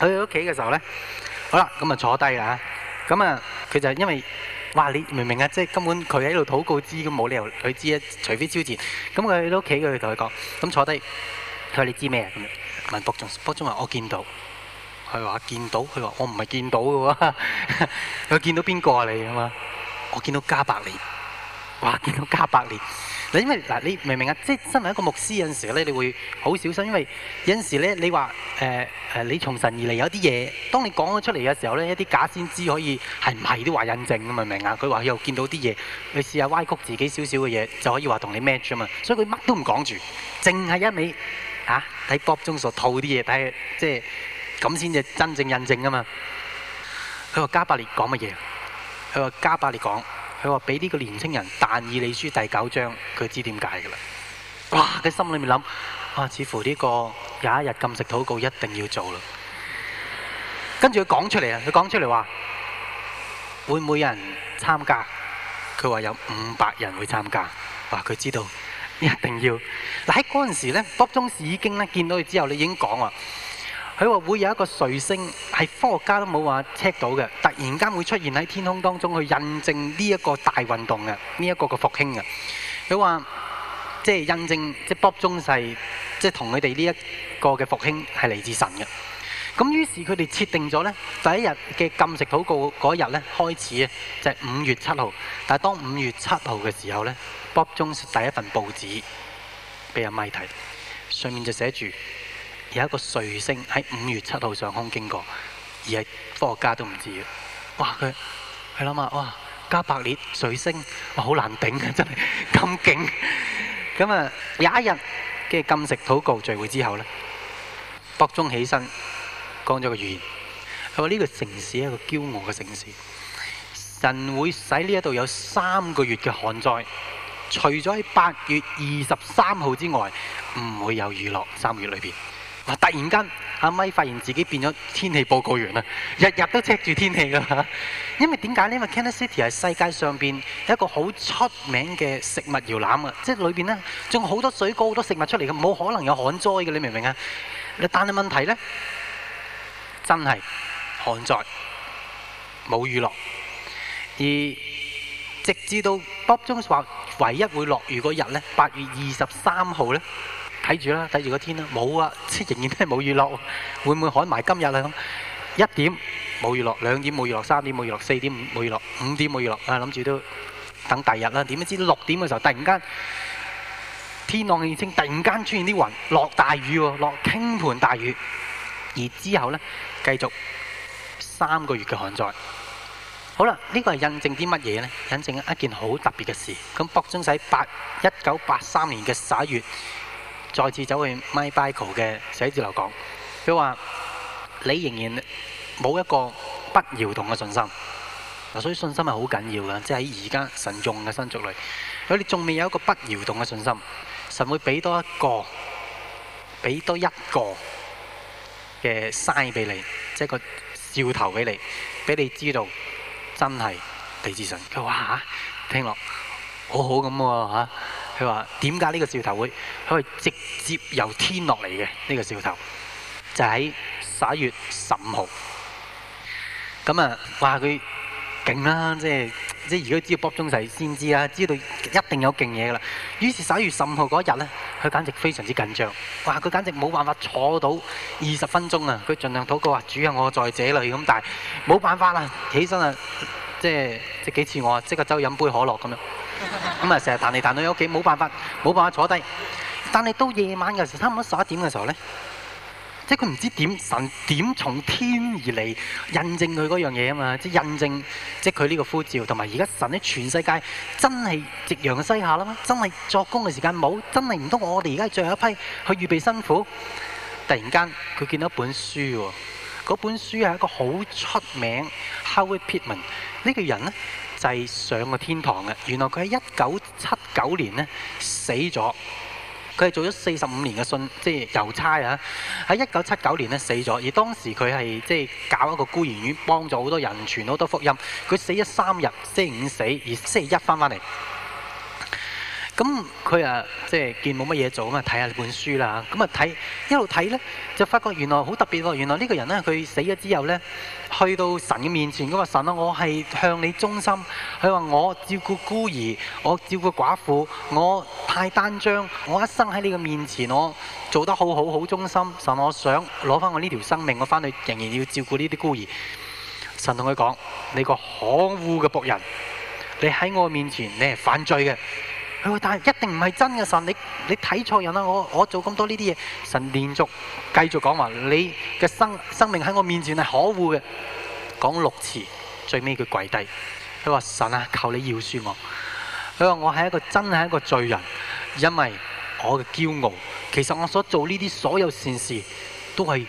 去佢屋企嘅時候咧，好啦，咁啊坐低啦。咁啊，佢就係因為，哇！你明唔明啊？即係根本佢喺度禱告知，咁冇理由佢知啊，除非超自然。咁佢去到屋企，佢同佢講，咁坐低，佢話你知咩啊？咁啊，問博仲，博仲話我見到，佢話見到，佢話我唔係見到嘅喎，佢見到邊個啊？你啊嘛，我見到加百列，哇！見到加百列。因為嗱，你明唔明啊？即係身為一個牧師，有陣時咧，你會好小心，因為有陣時咧，你話誒誒，你從神而嚟有啲嘢，當你講咗出嚟嘅時候咧，一啲假先知可以係唔係都話印證咁啊？明啊？佢話又見到啲嘢，你試下歪曲自己少少嘅嘢，就可以話同你 match 啊嘛。所以佢乜都唔講住，淨係一味啊睇《伯中所套啲嘢，睇即係咁先至真正印證啊嘛。佢話加百列講乜嘢？佢話加百列講。佢話俾呢個年青人《但以理書》第九章，佢知點解㗎啦！哇！佢心裏面諗啊，似乎呢個有一日禁食禱告一定要做啦。跟住佢講出嚟啊！佢講出嚟話，會唔會有人參加？佢話有五百人會參加。哇！佢知道一定要。嗱，喺嗰陣時咧，卜中士已經咧見到佢之後，你已經講喎。佢話會有一個瑞星，係科學家都冇話 check 到嘅，突然間會出現喺天空當中去印證呢一個大運動嘅，呢一個嘅復興嘅。佢話即係印證，即係 Bob 中世，即係同佢哋呢一個嘅復興係嚟自神嘅。咁於是佢哋設定咗呢，第一日嘅禁食禱告嗰日呢，開始啊，就係五月七號。但係當五月七號嘅時候呢，Bob 中帶一份報紙俾阿 Mike 睇，上面就寫住。有一個彗星喺五月七號上空經過，而係科學家都唔知嘅。哇！佢係諗下，哇！加百列，彗星，好難頂嘅，真係咁勁。咁啊、嗯，有一日嘅禁食禱告聚會之後呢，博中起身講咗個預言，佢話呢個城市係一個驕傲嘅城市。神會使呢一度有三個月嘅旱災，除咗喺八月二十三號之外，唔會有雨落三個月裏邊。突然間，阿咪發現自己變咗天氣報告員啦，日日都 check 住天氣噶。因為點解呢？因為 Kansas City 係世界上邊一個好出名嘅食物搖籃㗎，即係裏邊呢，種好多水果、好多食物出嚟嘅，冇可能有旱災嘅，你明唔明啊？但係問題呢，真係旱災冇雨落，而直至到 Bob Jones 話唯一會落雨嗰日呢，八月二十三號呢。睇住啦，睇住個天啦，冇啊，即係仍然都係冇雨落。會唔會旱埋今日啊？一點冇雨落，兩點冇雨落，三點冇雨落，四點冇雨落，五點冇雨落啊！諗住都等第日啦。點知六點嘅時候，突然間天朗氣清，突然間出現啲雲，落大雨喎，落傾盆大雨。而之後咧，繼續三個月嘅旱災。好啦，呢個係印證啲乜嘢咧？印證一件好特別嘅事。咁博中使八一九八三年嘅十一月。再次走去 My Bicycle 嘅寫字樓講，佢話：你仍然冇一個不搖動嘅信心。嗱，所以信心係好緊要嘅，即係喺而家神用嘅新族裏，如果你仲未有一個不搖動嘅信心，神會俾多一個，俾多一個嘅 sign 俾你，即係個兆頭俾你，俾你知道真係地主神。佢話吓，聽落好好咁喎吓。佢話：點解呢個兆頭會可以直接由天落嚟嘅？呢個兆頭就喺十一月十五號。咁啊，話佢勁啦，即係即係而家只要卜中曬先知啦，知道一定有勁嘢噶啦。於是十一月十五號嗰一日咧，佢簡直非常之緊張。哇！佢簡直冇辦法坐到二十分鐘啊！佢盡量禱告話：主啊，我在這裡咁。但係冇辦法啦，起身啊！即係即幾次我啊即刻走去飲杯可樂咁樣。咁啊，成日彈嚟彈去屋企，冇辦法，冇辦法坐低。但係到夜晚嘅時候，差唔多十一點嘅時候咧，即係佢唔知點神點從天而嚟，印證佢嗰樣嘢啊嘛，即係印證即係佢呢個呼召。同埋而家神喺全世界真係夕陽西下啦，真係作工嘅時間冇，真係唔通我哋而家係最後一批去預備辛苦。突然間佢見到一本書喎，嗰本書係一個好出名。Howard Pittman，呢個人咧？就上個天堂嘅，原來佢喺一九七九年呢，死咗，佢係做咗四十五年嘅信，即係郵差啊！喺一九七九年呢，死咗，而當時佢係即係搞一個孤兒院，幫咗好多人傳好多福音。佢死咗三日，星期五死，而星期一翻返嚟。咁佢啊，即係、就是、見冇乜嘢做啊嘛，睇下本書啦。咁啊睇一路睇呢，就發覺原來好特別喎。原來呢個人呢，佢死咗之後呢，去到神嘅面前，佢話：神啊，我係向你忠心。佢話：我照顧孤兒我顧，我照顧寡婦，我派單張，我一生喺你嘅面前，我做得好好好忠心。神，我想攞翻我呢條生命，我翻去仍然要照顧呢啲孤兒。神同佢講：你個可惡嘅僕人，你喺我面前，你係犯罪嘅。佢但係一定唔係真嘅神，你你睇錯人啦！我我做咁多呢啲嘢，神連續繼續講話，你嘅生生命喺我面前係可惡嘅。講六次，最尾佢跪低。佢話：神啊，求你饒恕我。佢話、啊啊：我係一個真係一個罪人，因為我嘅驕傲。其實我所做呢啲所有善事，都係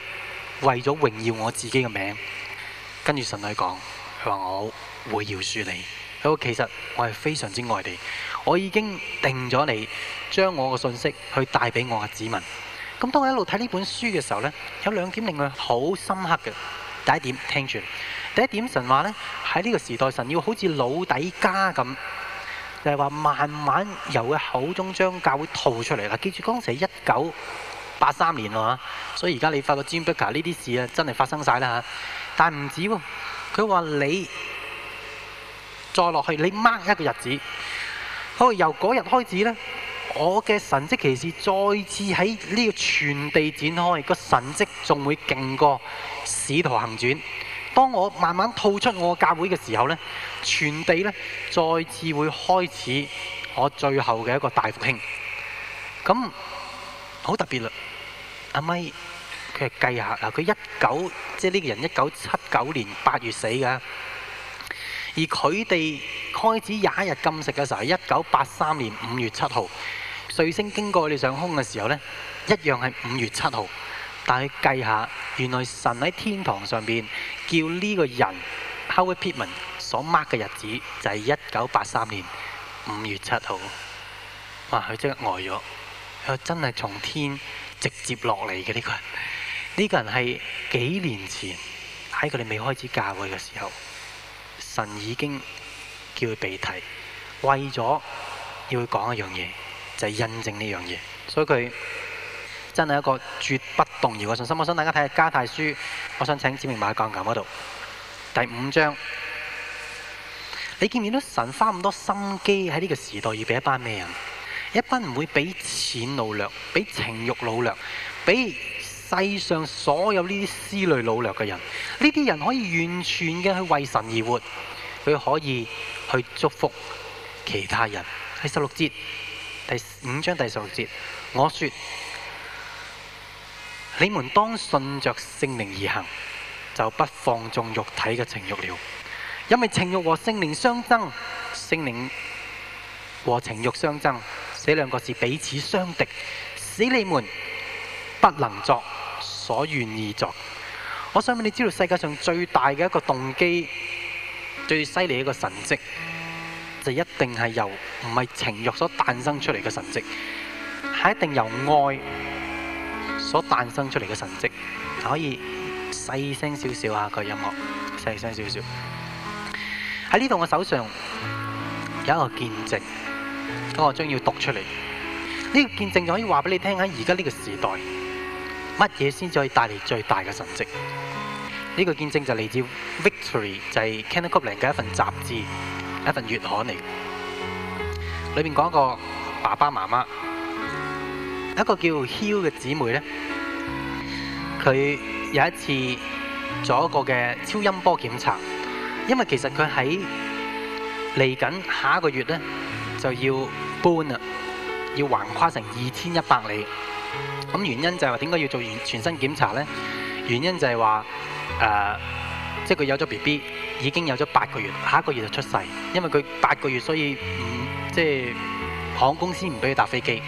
為咗榮耀我自己嘅名。跟住神去講，佢話、啊：我會饒恕你。佢話、啊：其實我係非常之愛你。我已經定咗你，將我個信息去帶俾我嘅子民。咁當我一路睇呢本書嘅時候呢，有兩點令我好深刻嘅。第一點，聽住。第一點，神話呢，喺呢個時代，神要好似老底家咁，就係話慢慢由佢口中將教會吐出嚟啦。記住，剛才一九八三年喎，所以而家你發個尖筆架，呢啲事啊真係發生晒啦嚇。但唔止喎，佢話你再落去，你掹一個日子。好，由嗰日開始呢，我嘅神蹟奇事再次喺呢個全地展開，個神蹟仲會勁過使徒行傳。當我慢慢吐出我教會嘅時候呢，全地呢再次會開始我最後嘅一個大復興。咁好特別啦，阿咪，佢計下啊，佢一九即係呢個人一九七九年八月死㗎。而佢哋開始廿一日禁食嘅時，時候，一九八三年五月七號，彗星經過佢哋上空嘅時候呢，一樣係五月七號。但係計一下，原來神喺天堂上邊叫呢個人 Howard Pittman 所 mark 嘅日子，就係一九八三年五月七號。哇！佢即刻呆咗，佢真係從天直接落嚟嘅呢個。呢、呢個人係、這個、幾年前喺佢哋未開始教會嘅時候。神已經叫佢被提，為咗要佢講一樣嘢，就係印證呢樣嘢。所以佢真係一個絕不動搖嘅信心。我想大家睇下加太書，我想請指明馬喺鋼琴嗰度第五章。你見唔見到神花咁多心機喺呢個時代，要俾一班咩人？一班唔會俾錢奴役，俾情慾奴役，俾。世上所有呢啲思慮努力嘅人，呢啲人可以完全嘅去為神而活，佢可以去祝福其他人。喺十六節，第五章第十六節，我說：你們當順着聖靈而行，就不放縱肉體嘅情欲了。因為情欲和聖靈相爭，聖靈和情欲相爭，這兩個是彼此相敵，使你們。不能作所願意作。我想俾你知道世界上最大嘅一個動機，最犀利一個神跡，就一定係由唔係情慾所誕生出嚟嘅神跡，係一定由愛所誕生出嚟嘅神跡。可以細聲少少啊，個音樂細聲少少。喺呢度我手上有一個見證，咁我將要讀出嚟。呢、這個見證就可以話俾你聽喺而家呢個時代，乜嘢先可以帶嚟最大嘅成績？呢、這個見證就嚟自 Victory，就係 Kenneth Copeland 嘅一份雜誌，一份月刊嚟。裏邊講一個爸爸媽媽，一個叫 Hill 嘅姊妹咧，佢有一次做一個嘅超音波檢查，因為其實佢喺嚟緊下一個月咧就要搬啦，要橫跨成二千一百里。咁原因就係話點解要做完全身檢查咧？原因就係話，誒，即係佢有咗 B B，已經有咗八個月，下一個月就出世。因為佢八個月，所以唔，即係航空公司唔俾佢搭飛機，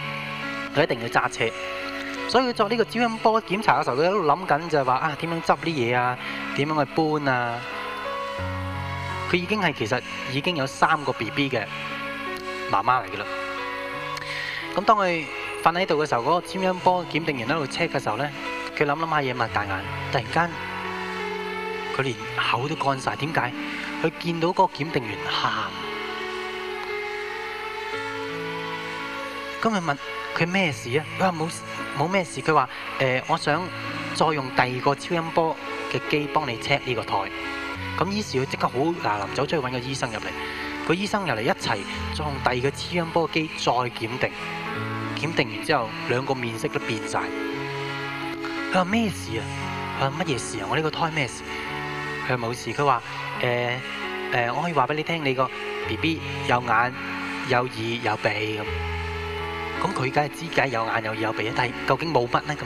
佢一定要揸車。所以佢做呢個超音波檢查嘅時候，佢喺度諗緊就係話啊，點樣執啲嘢啊？點樣去搬啊？佢已經係其實已經有三個 B B 嘅媽媽嚟嘅啦。咁當佢瞓喺度嘅時候，嗰個超音波檢定員喺度 check 嘅時候咧，佢諗諗下嘢，擘大眼，突然間佢連口都乾晒。點解？佢見到嗰個檢定員喊，今日問佢咩事啊？佢話冇冇咩事，佢話誒，我想再用第二個超音波嘅機幫你 check 呢個台。咁於是佢即刻好嗱臨走去揾個醫生入嚟，個醫生入嚟一齊再用第二個超音波機再檢定。檢定完之後，兩個面色都變晒。佢話咩事啊？佢話乜嘢事啊？我這個胎咩事？佢話冇事。佢話，佢話、呃呃、我可以話俾你聽，你這個 B B 有眼有耳有鼻，咁咁佢梗係知噶，有眼有耳有鼻，但係究竟冇乜咁。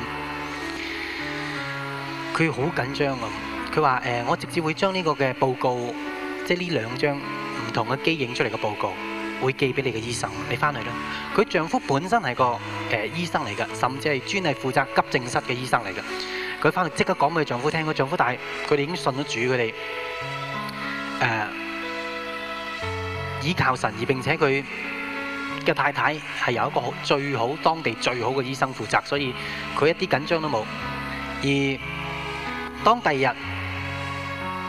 佢好緊張啊佢話、呃、我直接會將呢個嘅報告，即係呢兩張唔同嘅機影出嚟嘅報告。會寄俾你嘅醫生，你翻去啦。佢丈夫本身係個誒、呃、醫生嚟嘅，甚至係專係負責急症室嘅醫生嚟嘅。佢翻去即刻講俾佢丈夫聽，佢丈夫，但係佢哋已經信咗主他們，佢哋誒倚靠神而，而並且佢嘅太太係由一個最好、當地最好嘅醫生負責，所以佢一啲緊張都冇。而當第二日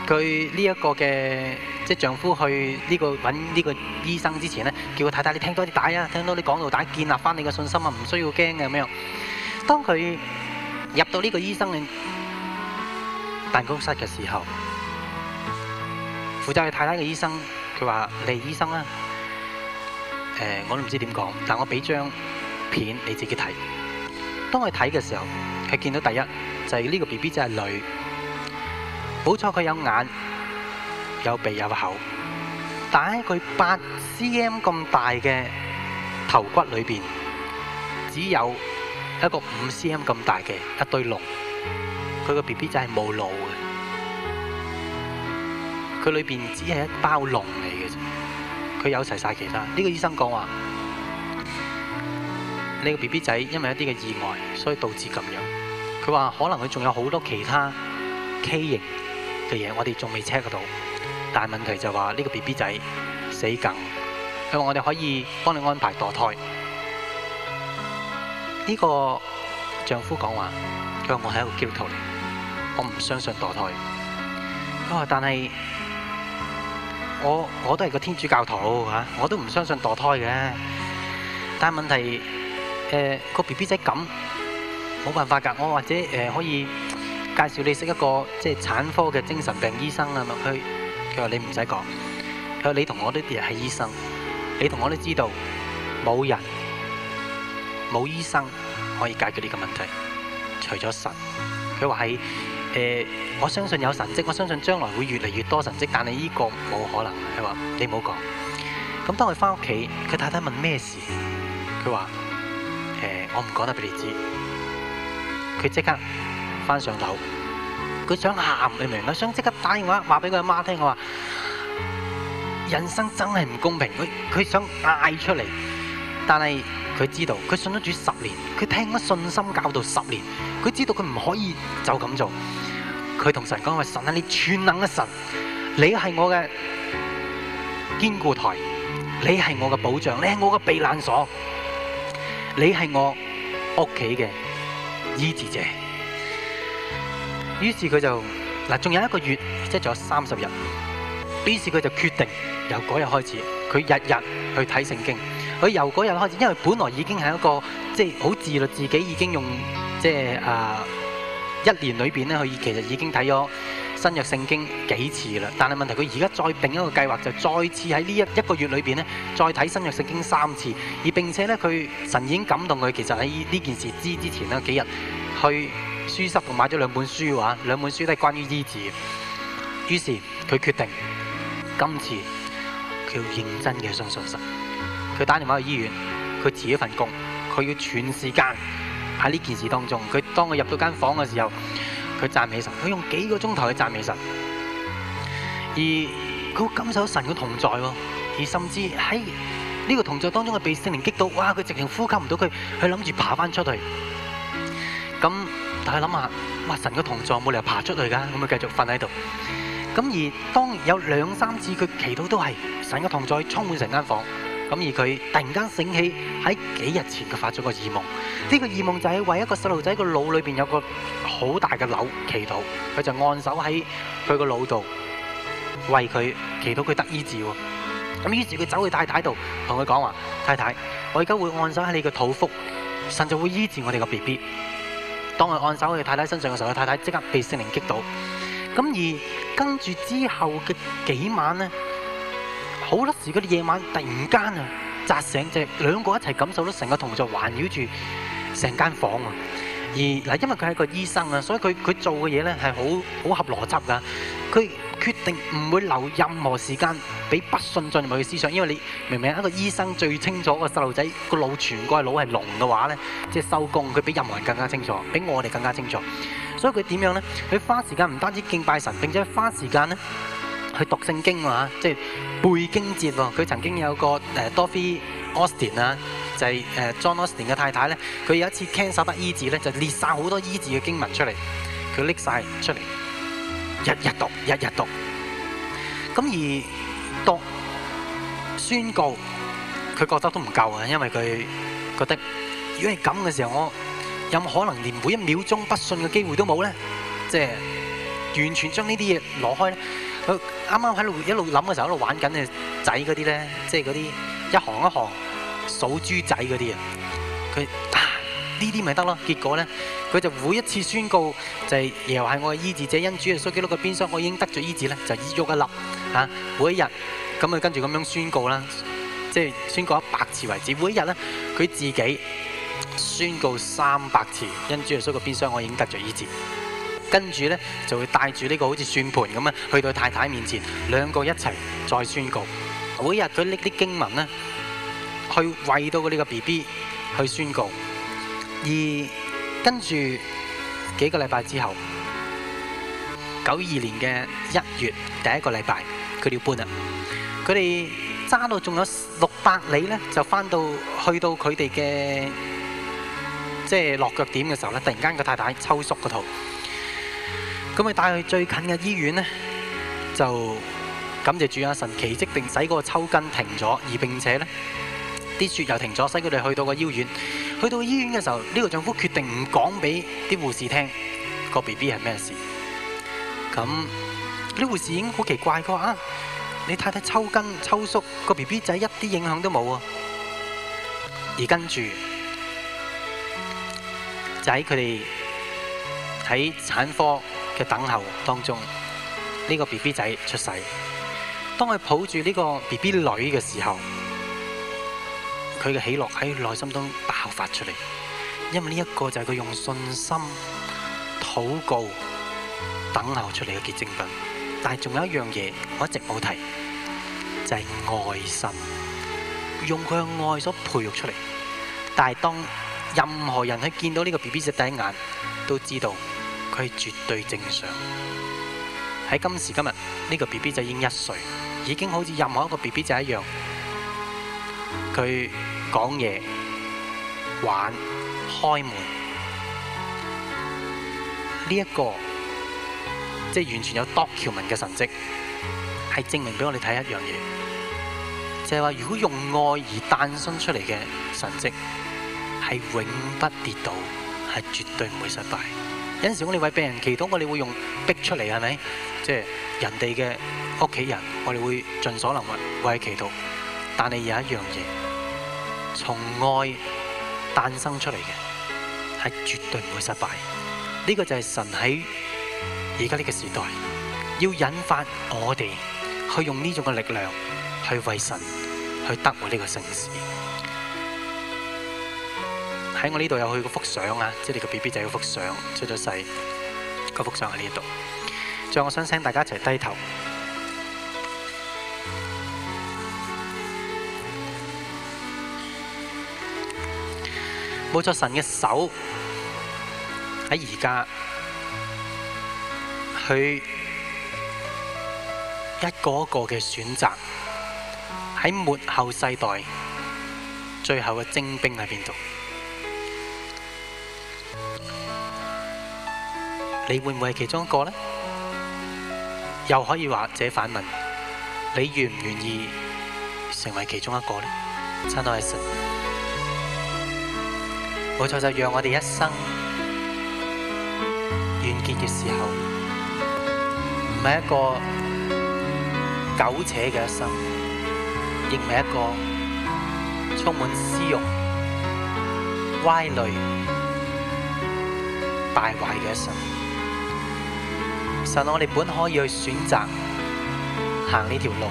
佢呢一個嘅。啲丈夫去呢、這個揾呢個醫生之前咧，叫個太太你聽多啲帶啊，聽到你講到帶，建立翻你嘅信心啊，唔需要驚嘅咁樣。當佢入到呢個醫生嘅辦公室嘅時候，負責佢太太嘅醫生，佢話：你係醫生啊，誒、欸、我都唔知點講，但我俾張片你自己睇。當佢睇嘅時候，佢見到第一就係、是、呢個 B B 就係女，冇錯，佢有眼。有鼻有口，但喺佢八 C M 咁大嘅頭骨裏邊，只有一個五 C M 咁大嘅一堆膿，佢個 B B 仔係冇腦嘅，佢裏邊只係一包膿嚟嘅啫，佢有齊晒其他。呢個醫生講話，呢個 B B 仔因為一啲嘅意外，所以導致咁樣。佢話可能佢仲有好多其他畸形嘅嘢，我哋仲未 check 得到。但係問題就話呢個 B B 仔死梗，佢話我哋可以幫你安排墮胎。呢個丈夫講話，佢話我係一個基督徒，我唔相信墮胎。佢話但係我我都係個天主教徒嚇，我都唔相信墮胎嘅。但係問題，誒個 B B 仔咁冇辦法㗎，我或者誒可以介紹你識一個即係產科嘅精神病醫生啊嘛，佢。佢話你唔使講，佢話你同我呢啲係醫生，你同我都知道冇人冇醫生可以解決呢個問題，除咗神。佢話係誒，我相信有神跡，我相信將來會越嚟越多神跡，但係呢個冇可能。佢話你唔好講。咁當佢翻屋企，佢太太問咩事，佢話誒，我唔講得俾你知。佢即刻翻上樓。佢想喊，你明？佢想即刻打電話話俾佢阿媽聽，我話人生真係唔公平。佢佢想嗌出嚟，但係佢知道，佢信咗主十年，佢聽咗信心教導十年，佢知道佢唔可以就咁做。佢同神講：話神啊，你全能嘅神，你係我嘅堅固台，你係我嘅保障，你係我嘅避難所，你係我屋企嘅醫治者。於是佢就嗱，仲有一個月，即係仲有三十日。於是佢就決定由嗰日開始，佢日日去睇聖經。佢由嗰日開始，因為本來已經係一個即係好自律，自己已經用即係啊一年裏邊咧，佢其實已經睇咗新約聖經幾次啦。但係問題佢而家再定一個計劃，就再次喺呢一一個月裏邊咧，再睇新約聖經三次，而並且咧，佢神已經感動佢，其實喺呢件事之之前呢幾日去書室同買咗兩本書喎，兩本書都係關於醫治。於是佢決定，今次佢要認真嘅相信神。佢打電話去醫院，佢辭咗份工，佢要全時間喺呢件事當中。佢當佢入到間房嘅時候，佢讚美神，佢用幾個鐘頭去讚美神。而佢感受到神嘅同在喎，而甚至喺呢個同在當中，佢被聖靈激到，哇！佢直情呼吸唔到，佢佢諗住爬翻出去。咁。但係諗下，哇！神嘅同在冇理由爬出去噶咁咪繼續瞓喺度。咁而當有兩三次佢祈禱都係神嘅同在充滿成間房。咁而佢突然間醒起喺幾日前佢發咗個異夢。呢個異夢就係為一個細路仔個腦裏邊有個好大嘅瘤祈禱，佢就按手喺佢個腦度為佢祈禱佢得醫治。咁於是佢走去太太度同佢講話：太太，我而家會按手喺你嘅肚腹，神就會醫治我哋個 B B。當佢按手去太太身上嘅時候，佢太太即刻被聖靈擊倒。咁而跟住之後嘅幾晚咧，好多時嗰啲夜晚突然間啊，扎醒隻兩個一齊感受到成個同在環繞住成間房啊。而嗱，因為佢係一個醫生啊，所以佢佢做嘅嘢咧係好好合邏輯㗎。佢決定唔會留任何時間俾不信進入去嘅思想，因為你明明一個醫生最清楚個細路仔個腦全個腦係聾嘅話咧，即係收工，佢比任何人更加清楚，比我哋更加清楚。所以佢點樣咧？佢花時間唔單止敬拜神，並且花時間咧去讀聖經啊。即係背經節喎。佢曾經有個誒多菲 Austin 啊，就係誒 John Austin 嘅太太咧。佢有一次癌症得醫治咧，就列晒好多醫治嘅經文出嚟，佢拎晒出嚟。日日讀，日日讀。咁而讀宣告，佢覺得都唔夠啊，因為佢覺得如果係咁嘅時候，我有冇可能連每一秒鐘不信嘅機會都冇咧？即係完全將呢啲嘢攞開咧。佢啱啱喺度一路諗嘅時候，一路玩緊嘅仔嗰啲咧，即係嗰啲一行一行數豬仔嗰啲啊。佢。呢啲咪得咯，結果咧，佢就每一次宣告就係又係我嘅醫治者，因主耶穌基督嘅鞭傷，我已經得咗醫治咧，就醫喐一粒，嚇、啊，每日咁啊跟住咁樣宣告啦，即係宣告一百次為止，每一日咧佢自己宣告三百次，因主耶穌嘅鞭傷我已經得咗醫治，跟住咧就會帶住呢個好算盤似算盤咁啊，去到太太面前，兩個一齊再宣告，每一日佢拎啲經文咧去為到個呢個 B B 去宣告。而跟住幾個禮拜之後，九二年嘅一月第一個禮拜，佢哋要搬啦。佢哋揸到仲有六百里咧，就翻到去到佢哋嘅即係落腳點嘅時候咧，突然間個太太抽縮個肚，咁佢帶去最近嘅醫院咧，就感謝主啊神，奇蹟並使個抽筋停咗，而並且咧。啲雪又停咗，使佢哋去到個醫院。去到醫院嘅時候，呢個丈夫決定唔講俾啲護士聽個 BB 係咩事。咁呢護士已經好奇怪，佢話啊，你太太抽筋抽縮，個 BB 仔一啲影響都冇啊。而跟住就喺佢哋喺產科嘅等候當中，呢個 BB 仔出世。當佢抱住呢個 BB 女嘅時候，佢嘅喜樂喺內心當中爆發出嚟，因為呢一個就係佢用信心、禱告、等候出嚟嘅結晶品。但係仲有一樣嘢我一直冇提，就係愛心，用佢嘅愛所培育出嚟。但係當任何人喺見到呢個 B B 仔第一眼，都知道佢係絕對正常。喺今時今日，呢個 B B 仔已經一歲，已經好似任何一個 B B 仔一樣。佢講嘢、玩、開門，呢、這、一個即係、就是、完全有 document 嘅神跡，係證明俾我哋睇一樣嘢，就係、是、話如果用愛而誕生出嚟嘅神跡，係永不跌倒，係絕對唔會失敗。有時我哋為病人祈禱，我哋會用逼出嚟，係咪？即、就、係、是、人哋嘅屋企人，我哋會盡所能為為佢祈禱。但係有一樣嘢。從愛誕生出嚟嘅，係絕對唔會失敗的。呢、這個就係神喺而家呢個時代要引發我哋去用呢種嘅力量去為神去得這個 在我呢個城市。喺我呢度有佢嗰幅相啊，即係你個 B B 仔嗰幅相出咗世，嗰幅相喺呢度。最後我想請大家一齊低頭。冇咗神嘅手，喺而家，佢一個一個嘅選擇，喺末後世代最後嘅精兵喺邊度？你會唔會係其中一個呢？又可以話者反問：你願唔願意成為其中一個呢？親愛嘅神。冇錯，就讓我哋一生完結嘅時候，唔係一個苟且嘅一生，亦唔係一個充滿私慾、歪累、敗壞嘅一生。神，我哋本可以去選擇行呢條路，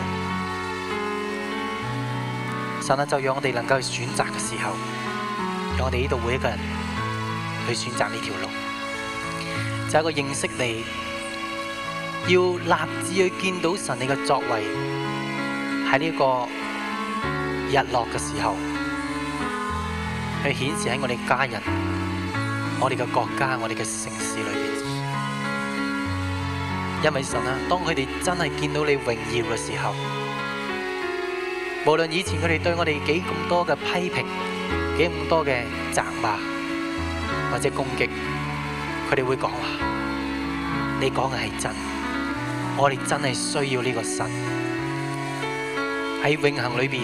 神啊，就讓我哋能夠去選擇嘅時候。我哋呢度每一個人去選擇呢條路，就係一個認識你，要立志去見到神你嘅作為，喺呢個日落嘅時候，去顯示喺我哋嘅家人、我哋嘅國家、我哋嘅城市裏邊。因為神啊，當佢哋真係見到你榮耀嘅時候，無論以前佢哋對我哋幾咁多嘅批評，咁多嘅責罵或者攻擊，佢哋會講話：你講嘅係真，我哋真係需要呢個神喺永恆裏邊，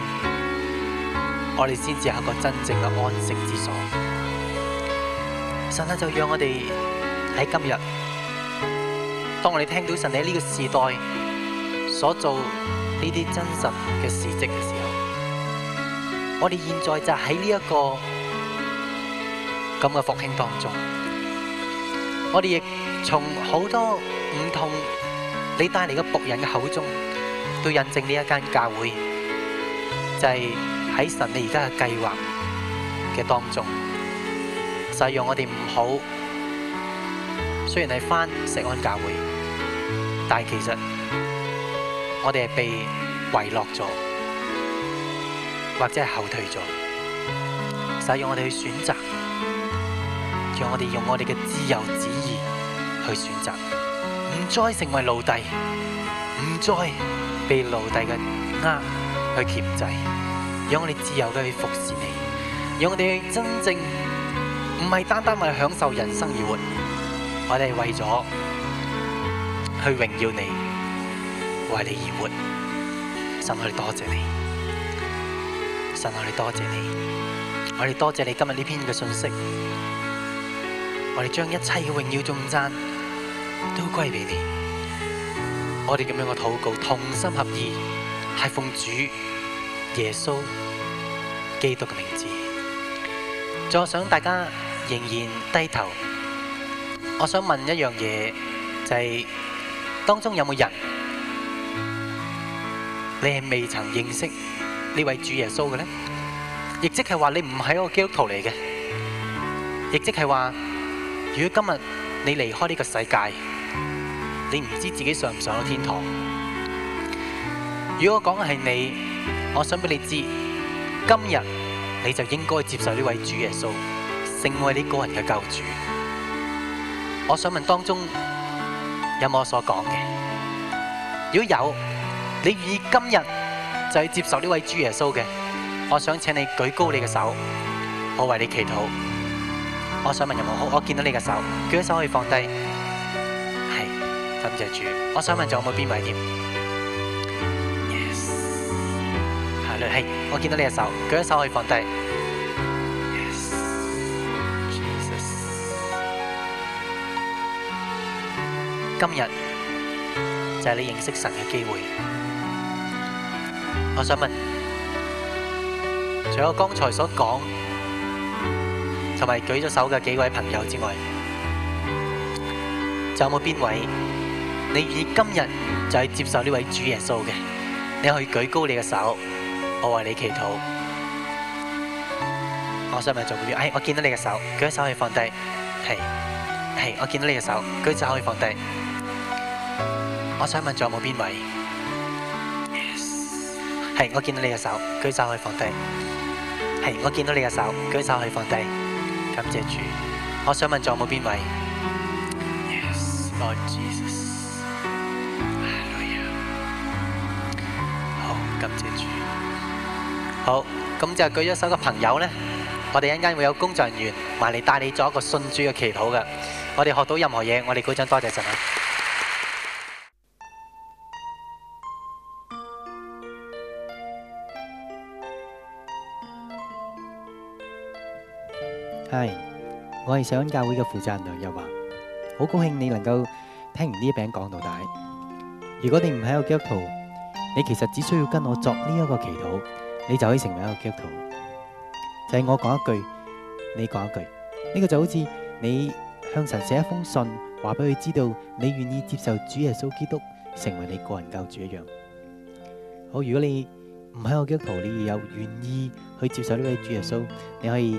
我哋先至有一個真正嘅安息之所。神啊，就讓我哋喺今日，當我哋聽到神喺呢個時代所做呢啲真實嘅事蹟嘅時候，我哋現在就喺呢一個咁嘅復興當中，我哋亦從好多不同你帶嚟嘅僕人嘅口中，去印證呢一間教會就係、是、喺神你而家嘅計劃嘅當中，就係、是、讓我哋唔好雖然係返錫安教會，但係其實我哋係被遺落咗。或者係後退咗，使、就是、用我哋去選擇，讓我哋用我哋嘅自由旨意去選擇，唔再成為奴隸，唔再被奴隸嘅軛去鉗制，讓我哋自由地去服侍你，讓我哋真正唔係單單為享受人生而活，我哋係為咗去榮耀你，為你而活，心去多謝你。神，我哋多謝你，我哋多謝你今日呢篇嘅信息，我哋將一切嘅榮耀頌讚都歸俾你，我哋咁樣嘅禱告同心合意，係奉主耶穌基督嘅名字。我想大家仍然低頭，我想問一樣嘢，就係當中有冇人你係未曾認識？呢位主耶穌嘅咧，亦即係話你唔係一個基督徒嚟嘅，亦即係話，如果今日你離開呢個世界，你唔知自己上唔上到天堂。如果我講嘅係你，我想俾你知，今日你就應該接受呢位主耶穌，成為你個人嘅救主。我想問當中有冇我所講嘅？如果有，你願意今日就去接受呢位主耶穌嘅，我想請你舉高你嘅手，我為你祈禱。我想問有冇好，我見到你嘅手，舉咗手可以放低。係、哎，感謝主。我想問仲有冇邊位添？Yes，下律希，我見到你嘅手，舉咗手可以放低。Yes，Jesus，今日就係、是、你認識神嘅機會。我想問，除咗剛才所講同埋舉咗手嘅幾位朋友之外，仲有冇邊位你願意今日就去接受呢位主耶穌嘅？你可以舉高你嘅手，我為你祈禱。我想問仲有冇？哎，我見到你嘅手，舉咗手可以放低。係係，我見到你嘅手，舉咗手可以放低。我想問仲有冇邊位？係，我見到你嘅手，舉手可以放低。係，我見到你嘅手，舉手可以放低。感謝主，我想問仲有冇邊位？Yes, Lord Jesus. Hallelujah. 好，感謝主。好，咁就舉咗手嘅朋友呢，我哋一陣間會有工作人員，埋嚟帶你做一個信主嘅祈禱嘅。我哋學到任何嘢，我哋鼓掌多謝神。我係上恩教會嘅負責人梁日華，好高興你能夠聽完呢一餅講到大。如果你唔係一個基督徒，你其實只需要跟我作呢一個祈禱，你就可以成為一個基督徒。就係我講一句，你講一句，呢個就好似你向神寫一封信，話俾佢知道你願意接受主耶穌基督成為你個人教主一樣。好，如果你唔係一個基督徒，你又有願意去接受呢位主耶穌，你可以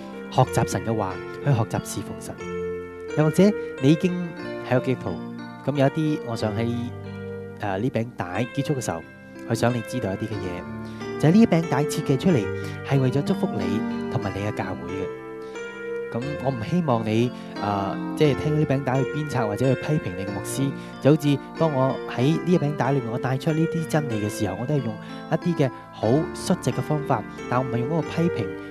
學習神嘅話，去學習侍奉神。又或者你已經喺個基督徒，咁有一啲，我想喺誒呢餅帶結束嘅時候，去想你知道一啲嘅嘢，就係呢餅帶設計出嚟係為咗祝福你同埋你嘅教會嘅。咁我唔希望你誒，即係聽呢餅帶去鞭策，或者去批評你嘅牧師。就好似當我喺呢一餅帶裏面，我帶出呢啲真理嘅時候，我都係用一啲嘅好率直嘅方法，但係我唔係用嗰個批評